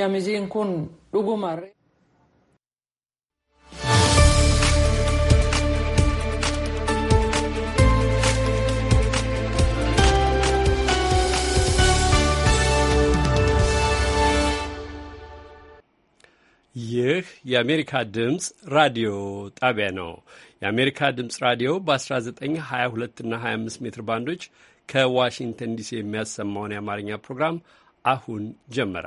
Tiyamiziin kun dhugumarree. ይህ የአሜሪካ ድምፅ ራዲዮ ጣቢያ ነው። የአሜሪካ ድምፅ ራዲዮ በ1922 እና 25 ሜትር ባንዶች ከዋሽንግተን ዲሲ የሚያሰማውን የአማርኛ ፕሮግራም አሁን ጀመረ።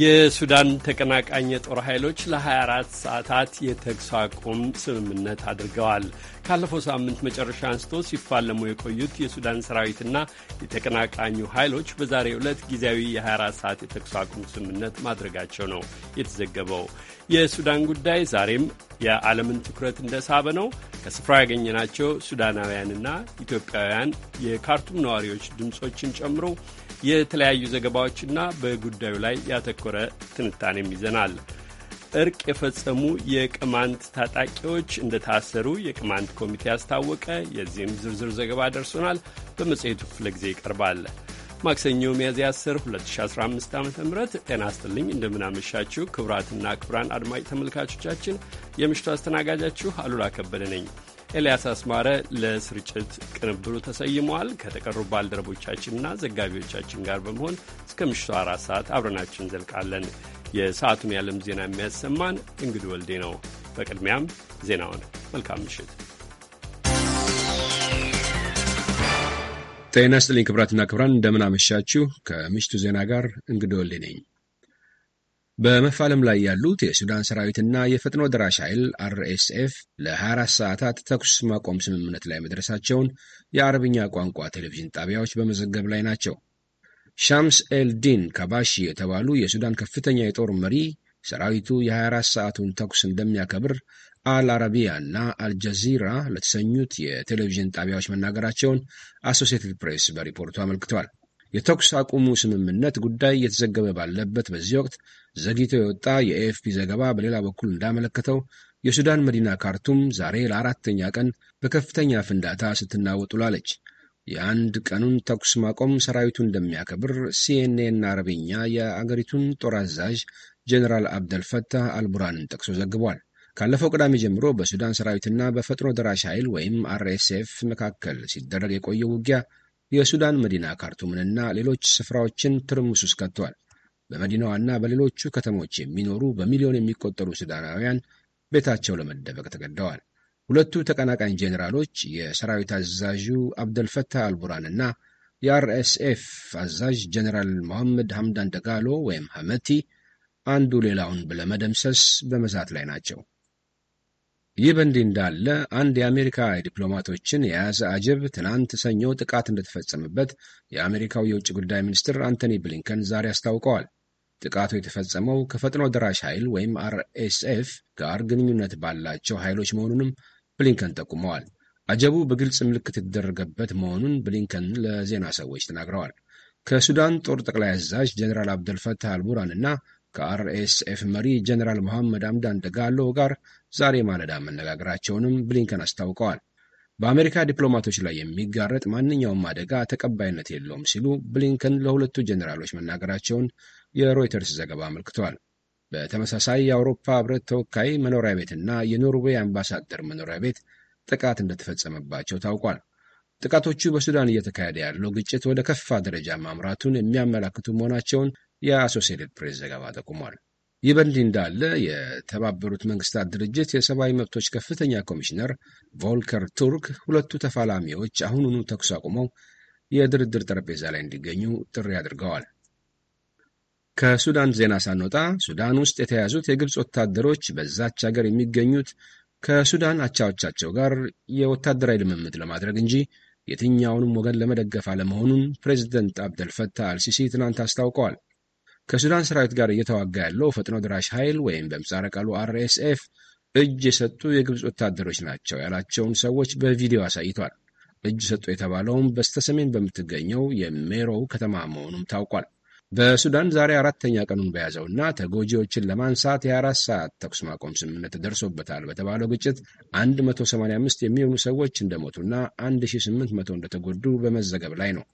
የሱዳን ተቀናቃኝ የጦር ኃይሎች ለ24 ሰዓታት የተኩስ አቁም ስምምነት አድርገዋል። ካለፈው ሳምንት መጨረሻ አንስቶ ሲፋለሙ የቆዩት የሱዳን ሰራዊትና የተቀናቃኙ ኃይሎች በዛሬው ዕለት ጊዜያዊ የ24 ሰዓት የተኩስ አቁም ስምምነት ማድረጋቸው ነው የተዘገበው። የሱዳን ጉዳይ ዛሬም የዓለምን ትኩረት እንደሳበ ነው። ከስፍራው ያገኘናቸው ሱዳናውያንና ኢትዮጵያውያን የካርቱም ነዋሪዎች ድምፆችን ጨምሮ የተለያዩ ዘገባዎችና በጉዳዩ ላይ ያተኮረ ትንታኔም ይዘናል። እርቅ የፈጸሙ የቅማንት ታጣቂዎች እንደታሰሩ የቅማንት ኮሚቴ አስታወቀ። የዚህም ዝርዝር ዘገባ ደርሶናል፣ በመጽሔቱ ክፍለ ጊዜ ይቀርባል። ማክሰኞ ሚያዝያ 10 2015 ዓ ም ጤና ይስጥልኝ። እንደምናመሻችሁ ክቡራትና ክቡራን አድማጭ ተመልካቾቻችን የምሽቱ አስተናጋጃችሁ አሉላ ከበደ ነኝ። ኤልያስ አስማረ ለስርጭት ቅንብሩ ተሰይመዋል። ከተቀሩ ባልደረቦቻችንና ዘጋቢዎቻችን ጋር በመሆን እስከ ምሽቱ አራት ሰዓት አብረናችሁ እንዘልቃለን። የሰዓቱን የዓለም ዜና የሚያሰማን እንግድ ወልዴ ነው። በቅድሚያም ዜናውን መልካም ምሽት ጤና ስጥልኝ ክብራትና ክብራን እንደምን አመሻችሁ። ከምሽቱ ዜና ጋር እንግዲህ ወልዴ ነኝ። በመፋለም ላይ ያሉት የሱዳን ሰራዊትና የፈጥኖ ደራሽ ኃይል አርኤስኤፍ ለ24 ሰዓታት ተኩስ ማቆም ስምምነት ላይ መድረሳቸውን የአረብኛ ቋንቋ ቴሌቪዥን ጣቢያዎች በመዘገብ ላይ ናቸው። ሻምስ ኤልዲን ካባሺ የተባሉ የሱዳን ከፍተኛ የጦር መሪ ሰራዊቱ የ24 ሰዓቱን ተኩስ እንደሚያከብር አል አረቢያ እና አልጀዚራ ለተሰኙት የቴሌቪዥን ጣቢያዎች መናገራቸውን አሶሲየትድ ፕሬስ በሪፖርቱ አመልክቷል። የተኩስ አቁሙ ስምምነት ጉዳይ እየተዘገበ ባለበት በዚህ ወቅት ዘግይቶ የወጣ የኤኤፍፒ ዘገባ በሌላ በኩል እንዳመለከተው የሱዳን መዲና ካርቱም ዛሬ ለአራተኛ ቀን በከፍተኛ ፍንዳታ ስትናወጥ ውላለች። የአንድ ቀኑን ተኩስ ማቆም ሰራዊቱ እንደሚያከብር ሲኤንኤን አረብኛ የአገሪቱን ጦር አዛዥ ጀኔራል አብደልፈታህ አልቡራንን ጠቅሶ ዘግቧል። ካለፈው ቅዳሜ ጀምሮ በሱዳን ሰራዊትና በፈጥኖ ደራሽ ኃይል ወይም አርኤስኤፍ መካከል ሲደረግ የቆየው ውጊያ የሱዳን መዲና ካርቱምንና ሌሎች ስፍራዎችን ትርምስ ውስጥ ከቷል። በመዲናዋና በሌሎቹ ከተሞች የሚኖሩ በሚሊዮን የሚቆጠሩ ሱዳናውያን ቤታቸው ለመደበቅ ተገደዋል። ሁለቱ ተቀናቃኝ ጄኔራሎች የሰራዊት አዛዡ አብደልፈታህ አልቡራን እና የአርኤስኤፍ አዛዥ ጄኔራል መሐመድ ሐምዳን ደጋሎ ወይም ሐመቲ አንዱ ሌላውን ብለመደምሰስ በመዛት ላይ ናቸው። ይህ በእንዲህ እንዳለ አንድ የአሜሪካ ዲፕሎማቶችን የያዘ አጀብ ትናንት ሰኞ ጥቃት እንደተፈጸመበት የአሜሪካው የውጭ ጉዳይ ሚኒስትር አንቶኒ ብሊንከን ዛሬ አስታውቀዋል። ጥቃቱ የተፈጸመው ከፈጥኖ ደራሽ ኃይል ወይም አርኤስኤፍ ጋር ግንኙነት ባላቸው ኃይሎች መሆኑንም ብሊንከን ጠቁመዋል። አጀቡ በግልጽ ምልክት የተደረገበት መሆኑን ብሊንከን ለዜና ሰዎች ተናግረዋል። ከሱዳን ጦር ጠቅላይ አዛዥ ጀኔራል አብደልፈታህ አልቡራን እና ከአርኤስኤፍ መሪ ጀኔራል መሐመድ አምዳን ደጋሎ ጋር ዛሬ ማለዳ መነጋገራቸውንም ብሊንከን አስታውቀዋል። በአሜሪካ ዲፕሎማቶች ላይ የሚጋረጥ ማንኛውም አደጋ ተቀባይነት የለውም ሲሉ ብሊንከን ለሁለቱ ጀኔራሎች መናገራቸውን የሮይተርስ ዘገባ አመልክቷል። በተመሳሳይ የአውሮፓ ህብረት ተወካይ መኖሪያ ቤትና የኖርዌይ አምባሳደር መኖሪያ ቤት ጥቃት እንደተፈጸመባቸው ታውቋል። ጥቃቶቹ በሱዳን እየተካሄደ ያለው ግጭት ወደ ከፋ ደረጃ ማምራቱን የሚያመላክቱ መሆናቸውን የአሶሴትድ ፕሬስ ዘገባ ጠቁሟል። ይህ በእንዲህ እንዳለ የተባበሩት መንግስታት ድርጅት የሰብአዊ መብቶች ከፍተኛ ኮሚሽነር ቮልከር ቱርክ ሁለቱ ተፋላሚዎች አሁኑኑ ተኩስ አቁመው የድርድር ጠረጴዛ ላይ እንዲገኙ ጥሪ አድርገዋል። ከሱዳን ዜና ሳንወጣ ሱዳን ውስጥ የተያዙት የግብፅ ወታደሮች በዛች ሀገር የሚገኙት ከሱዳን አቻዎቻቸው ጋር የወታደራዊ ልምምድ ለማድረግ እንጂ የትኛውንም ወገን ለመደገፍ አለመሆኑን ፕሬዚደንት አብደልፈታህ አልሲሲ ትናንት አስታውቀዋል። ከሱዳን ሰራዊት ጋር እየተዋጋ ያለው ፈጥኖ ድራሽ ኃይል ወይም በምጻረ ቃሉ አርኤስኤፍ እጅ የሰጡ የግብፅ ወታደሮች ናቸው ያላቸውን ሰዎች በቪዲዮ አሳይቷል። እጅ ሰጡ የተባለውም በስተሰሜን በምትገኘው የሜሮው ከተማ መሆኑም ታውቋል። በሱዳን ዛሬ አራተኛ ቀኑን በያዘውና ተጎጂዎችን ለማንሳት የአራት ሰዓት ተኩስ ማቆም ስምምነት ደርሶበታል በተባለው ግጭት 185 የሚሆኑ ሰዎች እንደሞቱና 1800 እንደተጎዱ በመዘገብ ላይ ነው።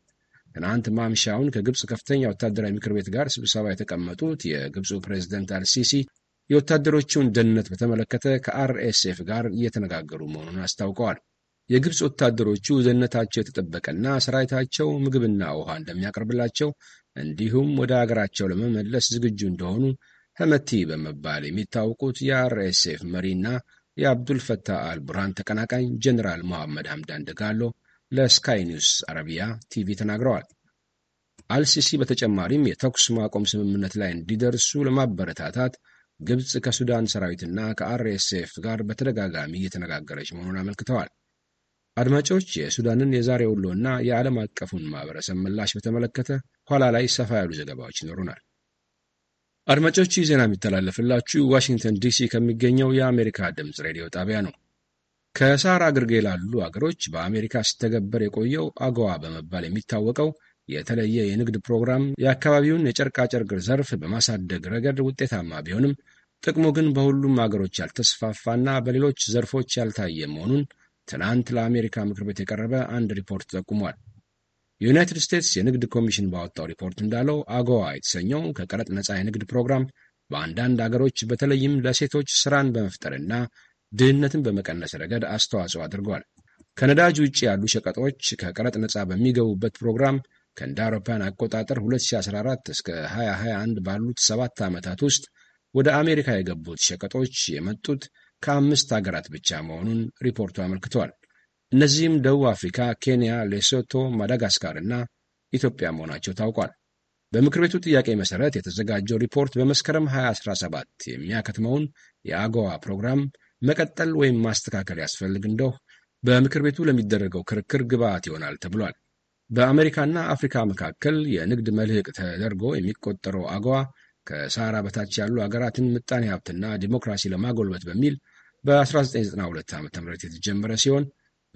ትናንት ማምሻውን ከግብፅ ከፍተኛ ወታደራዊ ምክር ቤት ጋር ስብሰባ የተቀመጡት የግብፁ ፕሬዚደንት አልሲሲ የወታደሮቹን ደህንነት በተመለከተ ከአርኤስኤፍ ጋር እየተነጋገሩ መሆኑን አስታውቀዋል። የግብፅ ወታደሮቹ ደህንነታቸው የተጠበቀና ሰራዊታቸው ምግብና ውሃ እንደሚያቀርብላቸው እንዲሁም ወደ አገራቸው ለመመለስ ዝግጁ እንደሆኑ ህመቲ በመባል የሚታወቁት የአርኤስኤፍ መሪና የአብዱልፈታህ አልቡርሃን ተቀናቃኝ ጀኔራል መሐመድ ሐምዳን ደጋሎ ለስካይ ኒውስ አረቢያ ቲቪ ተናግረዋል። አልሲሲ በተጨማሪም የተኩስ ማቆም ስምምነት ላይ እንዲደርሱ ለማበረታታት ግብፅ ከሱዳን ሰራዊትና ከአርኤስኤፍ ጋር በተደጋጋሚ እየተነጋገረች መሆኑን አመልክተዋል። አድማጮች፣ የሱዳንን የዛሬ ውሎና የዓለም አቀፉን ማኅበረሰብ ምላሽ በተመለከተ ኋላ ላይ ሰፋ ያሉ ዘገባዎች ይኖሩናል። አድማጮች ይህ ዜና የሚተላለፍላችሁ ዋሽንግተን ዲሲ ከሚገኘው የአሜሪካ ድምፅ ሬዲዮ ጣቢያ ነው። ከሳር ግርጌ ላሉ አገሮች በአሜሪካ ሲተገበር የቆየው አገዋ በመባል የሚታወቀው የተለየ የንግድ ፕሮግራም የአካባቢውን የጨርቃጨርቅ ዘርፍ በማሳደግ ረገድ ውጤታማ ቢሆንም ጥቅሙ ግን በሁሉም አገሮች ያልተስፋፋና በሌሎች ዘርፎች ያልታየ መሆኑን ትናንት ለአሜሪካ ምክር ቤት የቀረበ አንድ ሪፖርት ጠቁሟል። የዩናይትድ ስቴትስ የንግድ ኮሚሽን ባወጣው ሪፖርት እንዳለው አጎዋ የተሰኘው ከቀረጥ ነጻ የንግድ ፕሮግራም በአንዳንድ አገሮች በተለይም ለሴቶች ስራን በመፍጠርና ድህነትን በመቀነስ ረገድ አስተዋጽኦ አድርጓል። ከነዳጅ ውጭ ያሉ ሸቀጦች ከቀረጥ ነጻ በሚገቡበት ፕሮግራም ከእንደ አውሮፓውያን አቆጣጠር 2014 እስከ 2021 ባሉት ሰባት ዓመታት ውስጥ ወደ አሜሪካ የገቡት ሸቀጦች የመጡት ከአምስት አገራት ብቻ መሆኑን ሪፖርቱ አመልክቷል። እነዚህም ደቡብ አፍሪካ፣ ኬንያ፣ ሌሶቶ፣ ማዳጋስካር እና ኢትዮጵያ መሆናቸው ታውቋል። በምክር ቤቱ ጥያቄ መሠረት የተዘጋጀው ሪፖርት በመስከረም 2017 የሚያከትመውን የአገዋ ፕሮግራም መቀጠል ወይም ማስተካከል ያስፈልግ እንደው በምክር ቤቱ ለሚደረገው ክርክር ግብዓት ይሆናል ተብሏል። በአሜሪካና አፍሪካ መካከል የንግድ መልህቅ ተደርጎ የሚቆጠረው አገዋ ከሳራ በታች ያሉ አገራትን ምጣኔ ሀብትና ዲሞክራሲ ለማጎልበት በሚል በ1992 ዓ ም የተጀመረ ሲሆን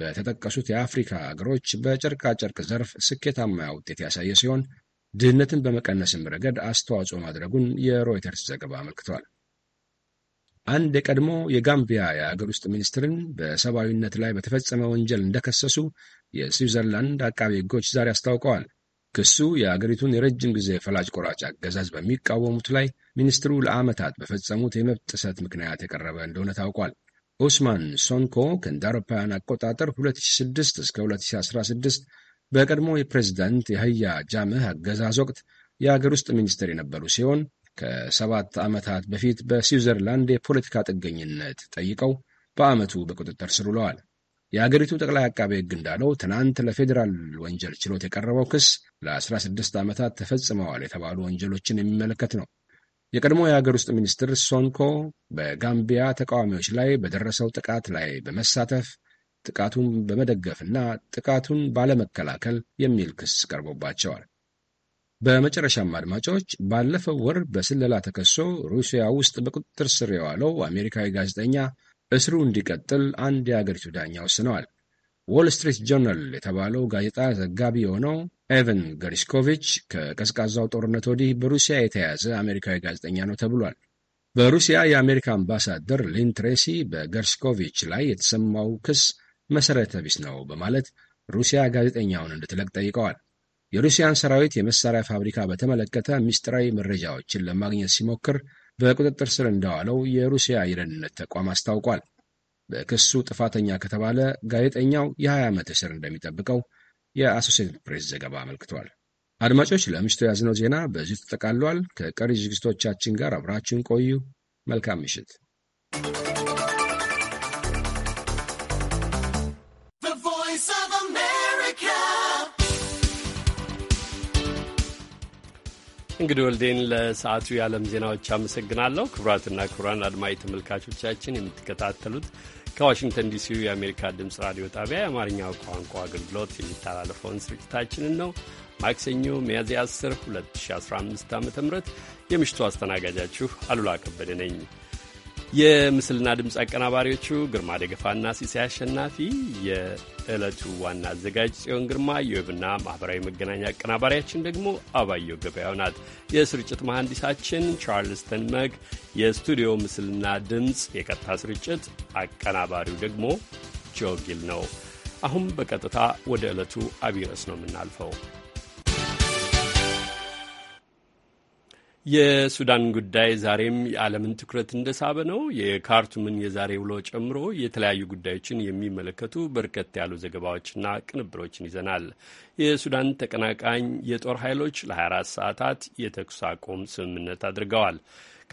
በተጠቀሱት የአፍሪካ አገሮች በጨርቃጨርቅ ዘርፍ ስኬታማ ውጤት ያሳየ ሲሆን ድህነትን በመቀነስም ረገድ አስተዋጽኦ ማድረጉን የሮይተርስ ዘገባ አመልክቷል። አንድ የቀድሞ የጋምቢያ የአገር ውስጥ ሚኒስትርን በሰብአዊነት ላይ በተፈጸመ ወንጀል እንደከሰሱ የስዊዘርላንድ አቃቢ ሕጎች ዛሬ አስታውቀዋል። ክሱ የአገሪቱን የረጅም ጊዜ ፈላጭ ቆራጭ አገዛዝ በሚቃወሙት ላይ ሚኒስትሩ ለዓመታት በፈጸሙት የመብት ጥሰት ምክንያት የቀረበ እንደሆነ ታውቋል። ኡስማን ሶንኮ ከእንደ አውሮፓውያን አቆጣጠር 2006 እስከ 2016 በቀድሞ የፕሬዚዳንት የህያ ጃምህ አገዛዝ ወቅት የአገር ውስጥ ሚኒስትር የነበሩ ሲሆን ከሰባት ዓመታት በፊት በስዊዘርላንድ የፖለቲካ ጥገኝነት ጠይቀው በዓመቱ በቁጥጥር ስር ውለዋል። የአገሪቱ ጠቅላይ አቃቤ ሕግ እንዳለው ትናንት ለፌዴራል ወንጀል ችሎት የቀረበው ክስ ለ16 ዓመታት ተፈጽመዋል የተባሉ ወንጀሎችን የሚመለከት ነው። የቀድሞ የአገር ውስጥ ሚኒስትር ሶንኮ በጋምቢያ ተቃዋሚዎች ላይ በደረሰው ጥቃት ላይ በመሳተፍ ጥቃቱን በመደገፍና ጥቃቱን ባለመከላከል የሚል ክስ ቀርቦባቸዋል። በመጨረሻም አድማጮች፣ ባለፈው ወር በስለላ ተከሶ ሩሲያ ውስጥ በቁጥጥር ስር የዋለው አሜሪካዊ ጋዜጠኛ እስሩ እንዲቀጥል አንድ የአገሪቱ ዳኛ ወስነዋል። ዎል ስትሪት ጆርናል የተባለው ጋዜጣ ዘጋቢ የሆነው ኤቨን ገሪሽኮቪች ከቀዝቃዛው ጦርነት ወዲህ በሩሲያ የተያዘ አሜሪካዊ ጋዜጠኛ ነው ተብሏል። በሩሲያ የአሜሪካ አምባሳደር ሊን ትሬሲ በገርስኮቪች ላይ የተሰማው ክስ መሠረተ ቢስ ነው በማለት ሩሲያ ጋዜጠኛውን እንድትለቅ ጠይቀዋል። የሩሲያን ሰራዊት የመሳሪያ ፋብሪካ በተመለከተ ምስጢራዊ መረጃዎችን ለማግኘት ሲሞክር በቁጥጥር ስር እንዳዋለው የሩሲያ የደህንነት ተቋም አስታውቋል። በክሱ ጥፋተኛ ከተባለ ጋዜጠኛው የ20 ዓመት እስር እንደሚጠብቀው የአሶሴትድ ፕሬስ ዘገባ አመልክቷል። አድማጮች፣ ለምሽቱ የያዝነው ዜና በዚሁ ተጠቃሏል። ከቀሪ ዝግጅቶቻችን ጋር አብራችሁን ቆዩ። መልካም ምሽት። እንግዲህ ወልዴን ለሰዓቱ የዓለም ዜናዎች አመሰግናለሁ። ክቡራትና ክቡራን አድማጭ ተመልካቾቻችን የምትከታተሉት ከዋሽንግተን ዲሲ የአሜሪካ ድምፅ ራዲዮ ጣቢያ የአማርኛው ቋንቋ አገልግሎት የሚተላለፈውን ስርጭታችንን ነው። ማክሰኞ ሚያዝያ 10 2015 ዓ ም የምሽቱ አስተናጋጃችሁ አሉላ ከበደ ነኝ። የምስልና ድምፅ አቀናባሪዎቹ ግርማ ደገፋና ሲሳይ አሸናፊ፣ የዕለቱ ዋና አዘጋጅ ጽዮን ግርማ፣ የዌብና ማኅበራዊ መገናኛ አቀናባሪያችን ደግሞ አባየው ገበያው ናት። የስርጭት መሐንዲሳችን ቻርልስ ተንመግ፣ የስቱዲዮ ምስልና ድምፅ የቀጥታ ስርጭት አቀናባሪው ደግሞ ጆጊል ነው። አሁን በቀጥታ ወደ ዕለቱ አብይ ርዕስ ነው የምናልፈው። የሱዳን ጉዳይ ዛሬም የዓለምን ትኩረት እንደሳበ ነው። የካርቱምን የዛሬ ውሎ ጨምሮ የተለያዩ ጉዳዮችን የሚመለከቱ በርከት ያሉ ዘገባዎችና ቅንብሮችን ይዘናል። የሱዳን ተቀናቃኝ የጦር ኃይሎች ለ24 ሰዓታት የተኩስ አቁም ስምምነት አድርገዋል።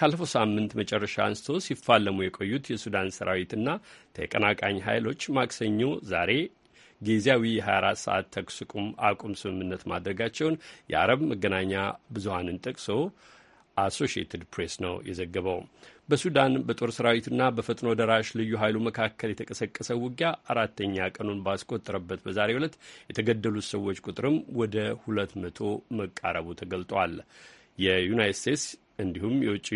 ካለፈው ሳምንት መጨረሻ አንስቶ ሲፋለሙ የቆዩት የሱዳን ሰራዊትና ተቀናቃኝ ኃይሎች ማክሰኞ ዛሬ ጊዜያዊ የ24 ሰዓት ተኩስ አቁም ስምምነት ማድረጋቸውን የአረብ መገናኛ ብዙሀንን ጠቅሶ አሶሽየትድ ፕሬስ ነው የዘገበው። በሱዳን በጦር ሰራዊትና በፈጥኖ ደራሽ ልዩ ኃይሉ መካከል የተቀሰቀሰው ውጊያ አራተኛ ቀኑን ባስቆጠረበት በዛሬው ዕለት የተገደሉት ሰዎች ቁጥርም ወደ ሁለት መቶ መቃረቡ ተገልጧል። የዩናይት ስቴትስ እንዲሁም የውጭ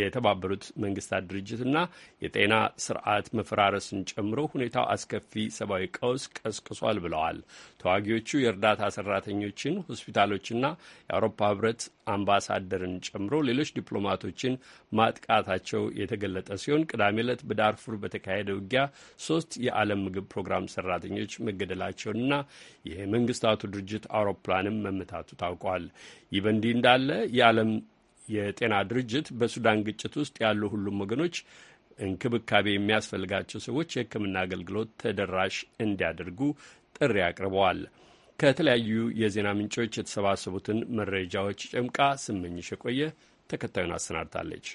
የተባበሩት መንግስታት ድርጅትና የጤና ስርዓት መፈራረስን ጨምሮ ሁኔታው አስከፊ ሰብአዊ ቀውስ ቀስቅሷል ብለዋል። ተዋጊዎቹ የእርዳታ ሰራተኞችን፣ ሆስፒታሎችና የአውሮፓ ህብረት አምባሳደርን ጨምሮ ሌሎች ዲፕሎማቶችን ማጥቃታቸው የተገለጠ ሲሆን ቅዳሜ ዕለት በዳርፉር በተካሄደ ውጊያ ሶስት የዓለም ምግብ ፕሮግራም ሰራተኞች መገደላቸውንና የመንግስታቱ ድርጅት አውሮፕላንም መመታቱ ታውቋል። ይህ በእንዲህ እንዳለ የዓለም የጤና ድርጅት በሱዳን ግጭት ውስጥ ያሉ ሁሉም ወገኖች እንክብካቤ የሚያስፈልጋቸው ሰዎች የሕክምና አገልግሎት ተደራሽ እንዲያደርጉ ጥሪ አቅርበዋል። ከተለያዩ የዜና ምንጮች የተሰባሰቡትን መረጃዎች ጨምቃ ስመኝሽ የቆየ ተከታዩን አሰናድታለች።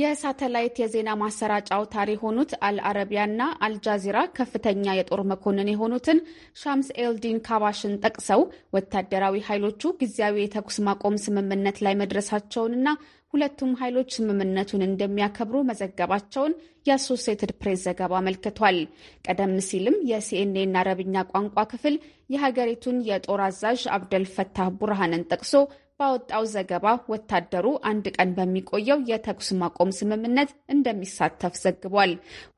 የሳተላይት የዜና ማሰራጫ አውታር የሆኑት አልአረቢያና አልጃዚራ ከፍተኛ የጦር መኮንን የሆኑትን ሻምስ ኤልዲን ካባሽን ጠቅሰው ወታደራዊ ኃይሎቹ ጊዜያዊ የተኩስ ማቆም ስምምነት ላይ መድረሳቸውንና ሁለቱም ኃይሎች ስምምነቱን እንደሚያከብሩ መዘገባቸውን የአሶሴትድ ፕሬስ ዘገባ አመልክቷል። ቀደም ሲልም የሲኤንኤን አረብኛ ቋንቋ ክፍል የሀገሪቱን የጦር አዛዥ አብደልፈታህ ቡርሃንን ጠቅሶ ባወጣው ዘገባ ወታደሩ አንድ ቀን በሚቆየው የተኩስ ማቆም ስምምነት እንደሚሳተፍ ዘግቧል።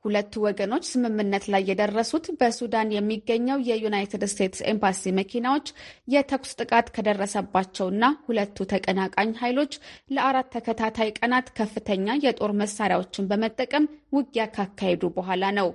ሁለቱ ወገኖች ስምምነት ላይ የደረሱት በሱዳን የሚገኘው የዩናይትድ ስቴትስ ኤምባሲ መኪናዎች የተኩስ ጥቃት ከደረሰባቸውና ሁለቱ ተቀናቃኝ ኃይሎች ለአራት ተከታታይ ቀናት ከፍተኛ የጦር መሳሪያዎችን በመጠቀም ውጊያ ካካሄዱ በኋላ ነው።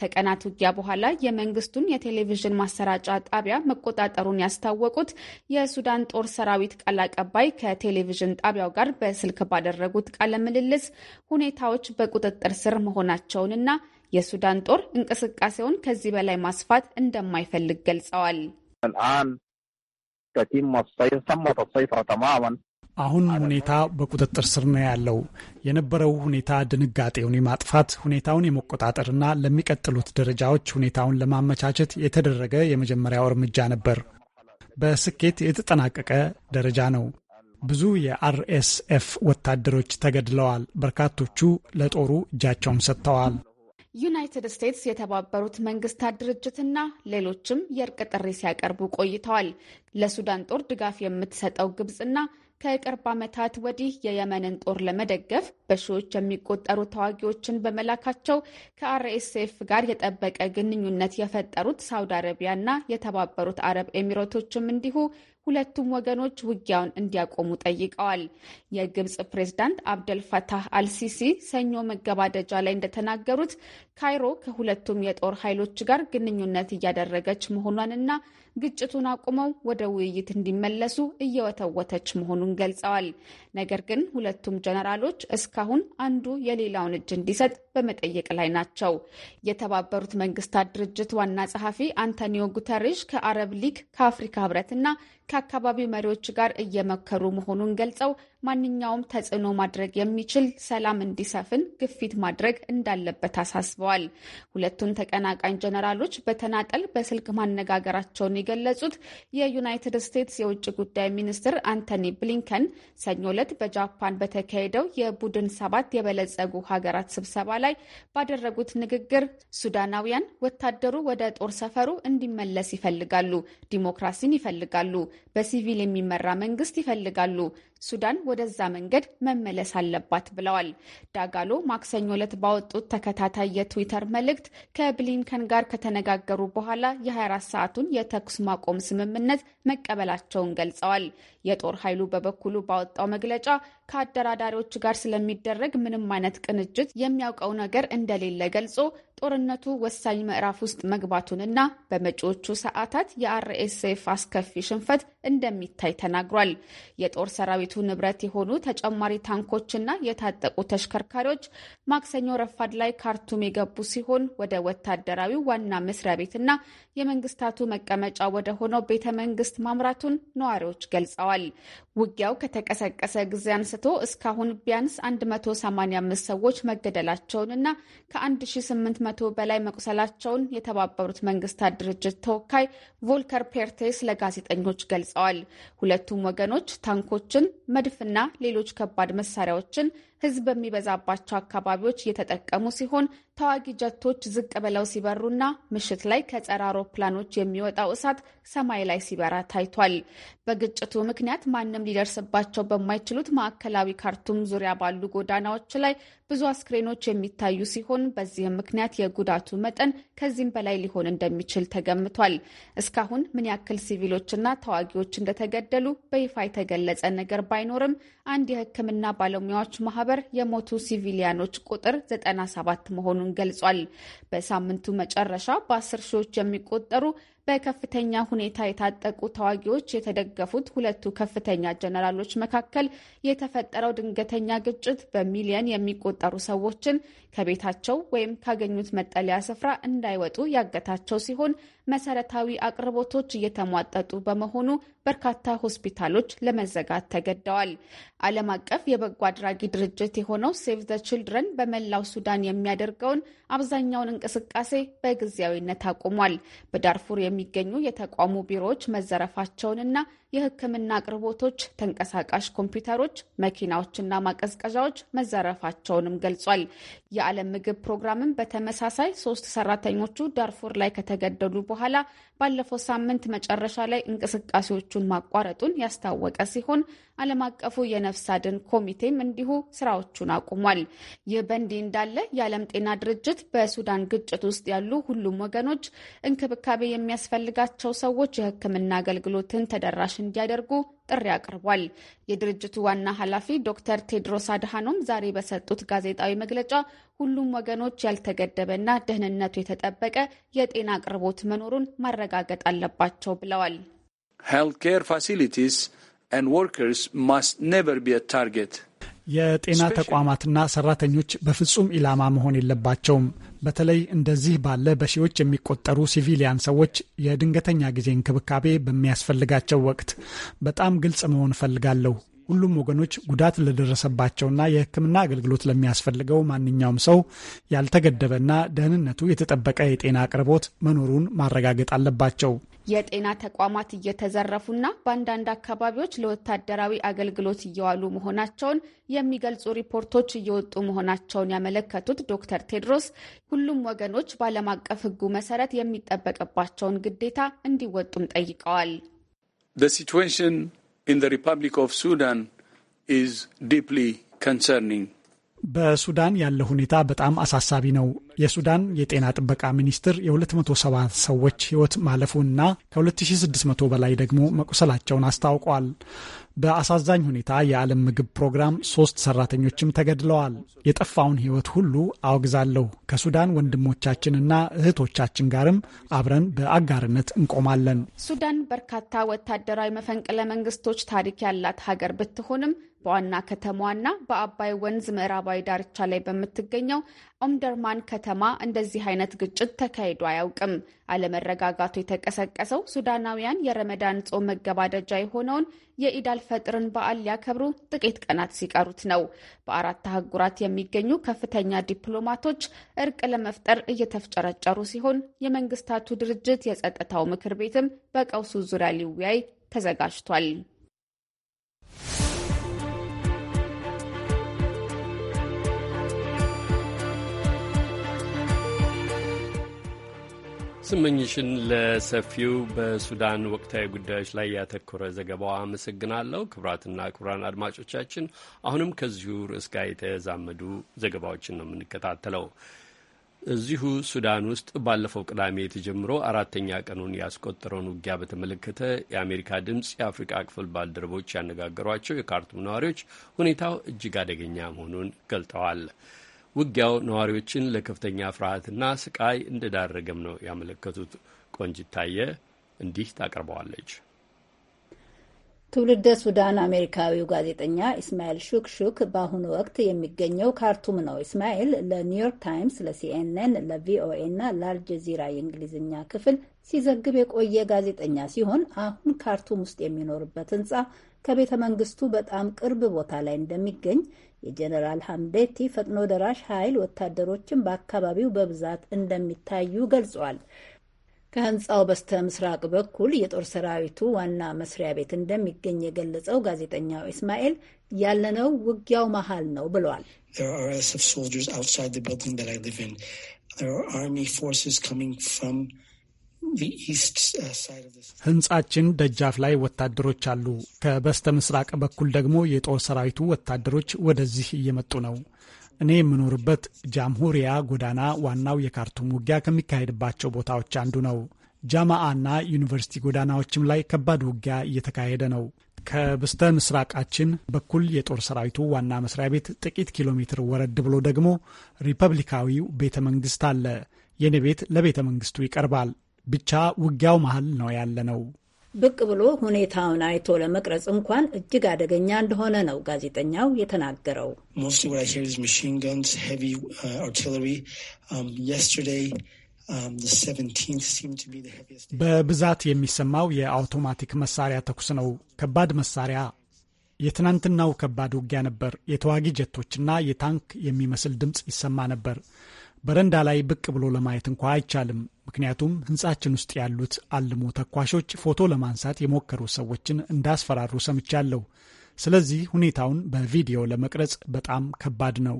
ከቀናት ውጊያ በኋላ የመንግስቱን የቴሌቪዥን ማሰራጫ ጣቢያ መቆጣጠሩን ያስታወቁት የሱዳን ጦር ሰራዊት ቃል አቀባይ ከቴሌቪዥን ጣቢያው ጋር በስልክ ባደረጉት ቃለ ምልልስ ሁኔታዎች በቁጥጥር ስር መሆናቸውንና የሱዳን ጦር እንቅስቃሴውን ከዚህ በላይ ማስፋት እንደማይፈልግ ገልጸዋል። አሁን ሁኔታ በቁጥጥር ስር ነው ያለው። የነበረው ሁኔታ ድንጋጤውን የማጥፋት ሁኔታውን የመቆጣጠርና ለሚቀጥሉት ደረጃዎች ሁኔታውን ለማመቻቸት የተደረገ የመጀመሪያው እርምጃ ነበር። በስኬት የተጠናቀቀ ደረጃ ነው። ብዙ የአርኤስኤፍ ወታደሮች ተገድለዋል። በርካቶቹ ለጦሩ እጃቸውን ሰጥተዋል። ዩናይትድ ስቴትስ የተባበሩት መንግስታት ድርጅትና ሌሎችም የእርቅ ጥሪ ሲያቀርቡ ቆይተዋል። ለሱዳን ጦር ድጋፍ የምትሰጠው ግብፅና ከቅርብ ዓመታት ወዲህ የየመንን ጦር ለመደገፍ በሺዎች የሚቆጠሩ ተዋጊዎችን በመላካቸው ከአርኤስኤፍ ጋር የጠበቀ ግንኙነት የፈጠሩት ሳውዲ አረቢያና የተባበሩት አረብ ኤሚሬቶችም እንዲሁ ሁለቱም ወገኖች ውጊያውን እንዲያቆሙ ጠይቀዋል። የግብፅ ፕሬዝዳንት አብደልፈታህ አልሲሲ ሰኞ መገባደጃ ላይ እንደተናገሩት ካይሮ ከሁለቱም የጦር ኃይሎች ጋር ግንኙነት እያደረገች መሆኗንና ግጭቱን አቁመው ወደ ውይይት እንዲመለሱ እየወተወተች መሆኑን ገልጸዋል። ነገር ግን ሁለቱም ጀነራሎች እስካሁን አንዱ የሌላውን እጅ እንዲሰጥ በመጠየቅ ላይ ናቸው። የተባበሩት መንግስታት ድርጅት ዋና ጸሐፊ አንቶኒዮ ጉተሬሽ ከአረብ ሊግ ከአፍሪካ ህብረትና ከአካባቢው መሪዎች ጋር እየመከሩ መሆኑን ገልጸው ማንኛውም ተጽዕኖ ማድረግ የሚችል ሰላም እንዲሰፍን ግፊት ማድረግ እንዳለበት አሳስበዋል። ሁለቱም ተቀናቃኝ ጀነራሎች በተናጠል በስልክ ማነጋገራቸውን የገለጹት የዩናይትድ ስቴትስ የውጭ ጉዳይ ሚኒስትር አንቶኒ ብሊንከን ሰኞ ዕለት በጃፓን በተካሄደው የቡድን ሰባት የበለጸጉ ሀገራት ስብሰባ ላይ ባደረጉት ንግግር ሱዳናውያን ወታደሩ ወደ ጦር ሰፈሩ እንዲመለስ ይፈልጋሉ፣ ዲሞክራሲን ይፈልጋሉ፣ በሲቪል የሚመራ መንግስት ይፈልጋሉ፣ ሱዳን ወደዛ መንገድ መመለስ አለባት ብለዋል። ዳጋሎ ማክሰኞ ዕለት ባወጡት ተከታታይ የትዊተር መልእክት ከብሊንከን ጋር ከተነጋገሩ በኋላ የ24 ሰዓቱን የተኩስ ማቆም ስምምነት መቀበላቸውን ገልጸዋል። የጦር ኃይሉ በበኩሉ ባወጣው መግለጫ ከአደራዳሪዎች ጋር ስለሚደረግ ምንም አይነት ቅንጅት የሚያውቀው ነገር እንደሌለ ገልጾ ጦርነቱ ወሳኝ ምዕራፍ ውስጥ መግባቱንና በመጪዎቹ ሰዓታት የአርኤስኤፍ አስከፊ ሽንፈት እንደሚታይ ተናግሯል። የጦር ሰራዊቱ ንብረት የሆኑ ተጨማሪ ታንኮችና የታጠቁ ተሽከርካሪዎች ማክሰኞ ረፋድ ላይ ካርቱም የገቡ ሲሆን ወደ ወታደራዊ ዋና መስሪያ ቤትና የመንግስታቱ መቀመጫ ወደ ሆነው ቤተ መንግስት ማምራቱን ነዋሪዎች ገልጸዋል። ብለዋል። ውጊያው ከተቀሰቀሰ ጊዜ አንስቶ እስካሁን ቢያንስ 185 ሰዎች መገደላቸውንና ከ1800 በላይ መቁሰላቸውን የተባበሩት መንግስታት ድርጅት ተወካይ ቮልከር ፔርቴስ ለጋዜጠኞች ገልጸዋል። ሁለቱም ወገኖች ታንኮችን፣ መድፍና ሌሎች ከባድ መሳሪያዎችን ህዝብ በሚበዛባቸው አካባቢዎች እየተጠቀሙ ሲሆን ተዋጊ ጀቶች ዝቅ ብለው ሲበሩና ምሽት ላይ ከጸረ አውሮፕላኖች የሚወጣው እሳት ሰማይ ላይ ሲበራ ታይቷል። በግጭቱ ምክንያት ማንም ሊደርስባቸው በማይችሉት ማዕከላዊ ካርቱም ዙሪያ ባሉ ጎዳናዎች ላይ ብዙ አስክሬኖች የሚታዩ ሲሆን በዚህም ምክንያት የጉዳቱ መጠን ከዚህም በላይ ሊሆን እንደሚችል ተገምቷል። እስካሁን ምን ያክል ሲቪሎችና ተዋጊዎች እንደተገደሉ በይፋ የተገለጸ ነገር ባይኖርም አንድ የሕክምና ባለሙያዎች ማህበር መተባበር የሞቱ ሲቪሊያኖች ቁጥር 97 መሆኑን ገልጿል። በሳምንቱ መጨረሻ በአስር ሺዎች የሚቆጠሩ በከፍተኛ ሁኔታ የታጠቁ ተዋጊዎች የተደገፉት ሁለቱ ከፍተኛ ጀነራሎች መካከል የተፈጠረው ድንገተኛ ግጭት በሚሊየን የሚቆጠሩ ሰዎችን ከቤታቸው ወይም ካገኙት መጠለያ ስፍራ እንዳይወጡ ያገታቸው ሲሆን መሰረታዊ አቅርቦቶች እየተሟጠጡ በመሆኑ በርካታ ሆስፒታሎች ለመዘጋት ተገደዋል። ዓለም አቀፍ የበጎ አድራጊ ድርጅት የሆነው ሴቭ ዘ ችልድረን በመላው ሱዳን የሚያደርገውን አብዛኛውን እንቅስቃሴ በጊዜያዊነት አቁሟል። በዳርፉር የሚገኙ የተቋሙ ቢሮዎች መዘረፋቸውንና የሕክምና አቅርቦቶች፣ ተንቀሳቃሽ ኮምፒውተሮች፣ መኪናዎችና ማቀዝቀዣዎች መዘረፋቸውንም ገልጿል። የዓለም ምግብ ፕሮግራምም በተመሳሳይ ሶስት ሰራተኞቹ ዳርፉር ላይ ከተገደሉ በኋላ ባለፈው ሳምንት መጨረሻ ላይ እንቅስቃሴዎቹን ማቋረጡን ያስታወቀ ሲሆን ዓለም አቀፉ የነፍስ አድን ኮሚቴም እንዲሁ ስራዎቹን አቁሟል። ይህ በእንዲህ እንዳለ የዓለም ጤና ድርጅት በሱዳን ግጭት ውስጥ ያሉ ሁሉም ወገኖች እንክብካቤ የሚያስፈልጋቸው ሰዎች የሕክምና አገልግሎትን ተደራሽ እንዲያደርጉ ጥሪ አቅርቧል። የድርጅቱ ዋና ኃላፊ ዶክተር ቴድሮስ አድሃኖም ዛሬ በሰጡት ጋዜጣዊ መግለጫ ሁሉም ወገኖች ያልተገደበና ደህንነቱ የተጠበቀ የጤና አቅርቦት መኖሩን ማረጋገጥ አለባቸው ብለዋል። ሄልዝ ኬር ፋሲሊቲስ የጤና ተቋማትና ሰራተኞች በፍጹም ኢላማ መሆን የለባቸውም። በተለይ እንደዚህ ባለ በሺዎች የሚቆጠሩ ሲቪሊያን ሰዎች የድንገተኛ ጊዜ እንክብካቤ በሚያስፈልጋቸው ወቅት በጣም ግልጽ መሆን እፈልጋለሁ። ሁሉም ወገኖች ጉዳት ለደረሰባቸውና የሕክምና አገልግሎት ለሚያስፈልገው ማንኛውም ሰው ያልተገደበና ደህንነቱ የተጠበቀ የጤና አቅርቦት መኖሩን ማረጋገጥ አለባቸው። የጤና ተቋማት እየተዘረፉና በአንዳንድ አካባቢዎች ለወታደራዊ አገልግሎት እየዋሉ መሆናቸውን የሚገልጹ ሪፖርቶች እየወጡ መሆናቸውን ያመለከቱት ዶክተር ቴድሮስ ሁሉም ወገኖች በዓለም አቀፍ ሕጉ መሰረት የሚጠበቅባቸውን ግዴታ እንዲወጡም ጠይቀዋል። ሲቹዌሽን ኢን ሪፐብሊክ ሱዳን ኢዝ ዲፕሊ ኮንሰርኒንግ በሱዳን ያለው ሁኔታ በጣም አሳሳቢ ነው። የሱዳን የጤና ጥበቃ ሚኒስትር የ270 ሰዎች ሕይወት ማለፉንና ከ2600 በላይ ደግሞ መቁሰላቸውን አስታውቋል። በአሳዛኝ ሁኔታ የዓለም ምግብ ፕሮግራም ሶስት ሰራተኞችም ተገድለዋል። የጠፋውን ሕይወት ሁሉ አወግዛለሁ። ከሱዳን ወንድሞቻችንና እህቶቻችን ጋርም አብረን በአጋርነት እንቆማለን። ሱዳን በርካታ ወታደራዊ መፈንቅለ መንግስቶች ታሪክ ያላት ሀገር ብትሆንም በዋና ከተማዋና በአባይ ወንዝ ምዕራባዊ ዳርቻ ላይ በምትገኘው ኦምደርማን ከተማ እንደዚህ አይነት ግጭት ተካሂዶ አያውቅም። አለመረጋጋቱ የተቀሰቀሰው ሱዳናውያን የረመዳን ጾም መገባደጃ የሆነውን የኢዳል ፈጥርን በዓል ሊያከብሩ ጥቂት ቀናት ሲቀሩት ነው። በአራት አህጉራት የሚገኙ ከፍተኛ ዲፕሎማቶች እርቅ ለመፍጠር እየተፍጨረጨሩ ሲሆን የመንግስታቱ ድርጅት የጸጥታው ምክር ቤትም በቀውሱ ዙሪያ ሊወያይ ተዘጋጅቷል። ስመኝሽን ለሰፊው በሱዳን ወቅታዊ ጉዳዮች ላይ ያተኮረ ዘገባዋ አመሰግናለሁ። ክቡራትና ክቡራን አድማጮቻችን አሁንም ከዚሁ ርዕስ ጋር የተዛመዱ ዘገባዎችን ነው የምንከታተለው። እዚሁ ሱዳን ውስጥ ባለፈው ቅዳሜ ተጀምሮ አራተኛ ቀኑን ያስቆጠረውን ውጊያ በተመለከተ የአሜሪካ ድምፅ የአፍሪቃ ክፍል ባልደረቦች ያነጋገሯቸው የካርቱም ነዋሪዎች ሁኔታው እጅግ አደገኛ መሆኑን ገልጠዋል። ውጊያው ነዋሪዎችን ለከፍተኛ ፍርሃትና ስቃይ እንደዳረገም ነው ያመለከቱት። ቆንጅታየ እንዲህ ታቀርበዋለች። ትውልደ ሱዳን አሜሪካዊው ጋዜጠኛ ኢስማኤል ሹክሹክ በአሁኑ ወቅት የሚገኘው ካርቱም ነው። ኢስማኤል ለኒውዮርክ ታይምስ፣ ለሲኤንኤን፣ ለቪኦኤ እና ለአልጀዚራ የእንግሊዝኛ ክፍል ሲዘግብ የቆየ ጋዜጠኛ ሲሆን አሁን ካርቱም ውስጥ የሚኖርበት ህንፃ ከቤተ መንግስቱ በጣም ቅርብ ቦታ ላይ እንደሚገኝ የጀነራል ሐምዴቲ ፈጥኖ ደራሽ ኃይል ወታደሮችን በአካባቢው በብዛት እንደሚታዩ ገልጿል። ከህንፃው በስተ ምስራቅ በኩል የጦር ሰራዊቱ ዋና መስሪያ ቤት እንደሚገኝ የገለጸው ጋዜጠኛው ኢስማኤል ያለነው ውጊያው መሃል ነው ብሏል። Uh, ህንጻችን ደጃፍ ላይ ወታደሮች አሉ። ከበስተ ምስራቅ በኩል ደግሞ የጦር ሰራዊቱ ወታደሮች ወደዚህ እየመጡ ነው። እኔ የምኖርበት ጃምሁሪያ ጎዳና ዋናው የካርቱም ውጊያ ከሚካሄድባቸው ቦታዎች አንዱ ነው። ጃማአና ዩኒቨርሲቲ ጎዳናዎችም ላይ ከባድ ውጊያ እየተካሄደ ነው። ከበስተ ምስራቃችን በኩል የጦር ሰራዊቱ ዋና መስሪያ ቤት ጥቂት ኪሎ ሜትር ወረድ ብሎ ደግሞ ሪፐብሊካዊው ቤተ መንግስት አለ። የኔ ቤት ለቤተ መንግስቱ ይቀርባል። ብቻ ውጊያው መሀል ነው ያለነው። ብቅ ብሎ ሁኔታውን አይቶ ለመቅረጽ እንኳን እጅግ አደገኛ እንደሆነ ነው ጋዜጠኛው የተናገረው። uh, um, um, በብዛት የሚሰማው የአውቶማቲክ መሳሪያ ተኩስ ነው። ከባድ መሳሪያ የትናንትናው ከባድ ውጊያ ነበር። የተዋጊ ጀቶችና የታንክ የሚመስል ድምፅ ይሰማ ነበር። በረንዳ ላይ ብቅ ብሎ ለማየት እንኳ አይቻልም። ምክንያቱም ህንጻችን ውስጥ ያሉት አልሞ ተኳሾች ፎቶ ለማንሳት የሞከሩ ሰዎችን እንዳስፈራሩ ሰምቻለሁ። ስለዚህ ሁኔታውን በቪዲዮ ለመቅረጽ በጣም ከባድ ነው።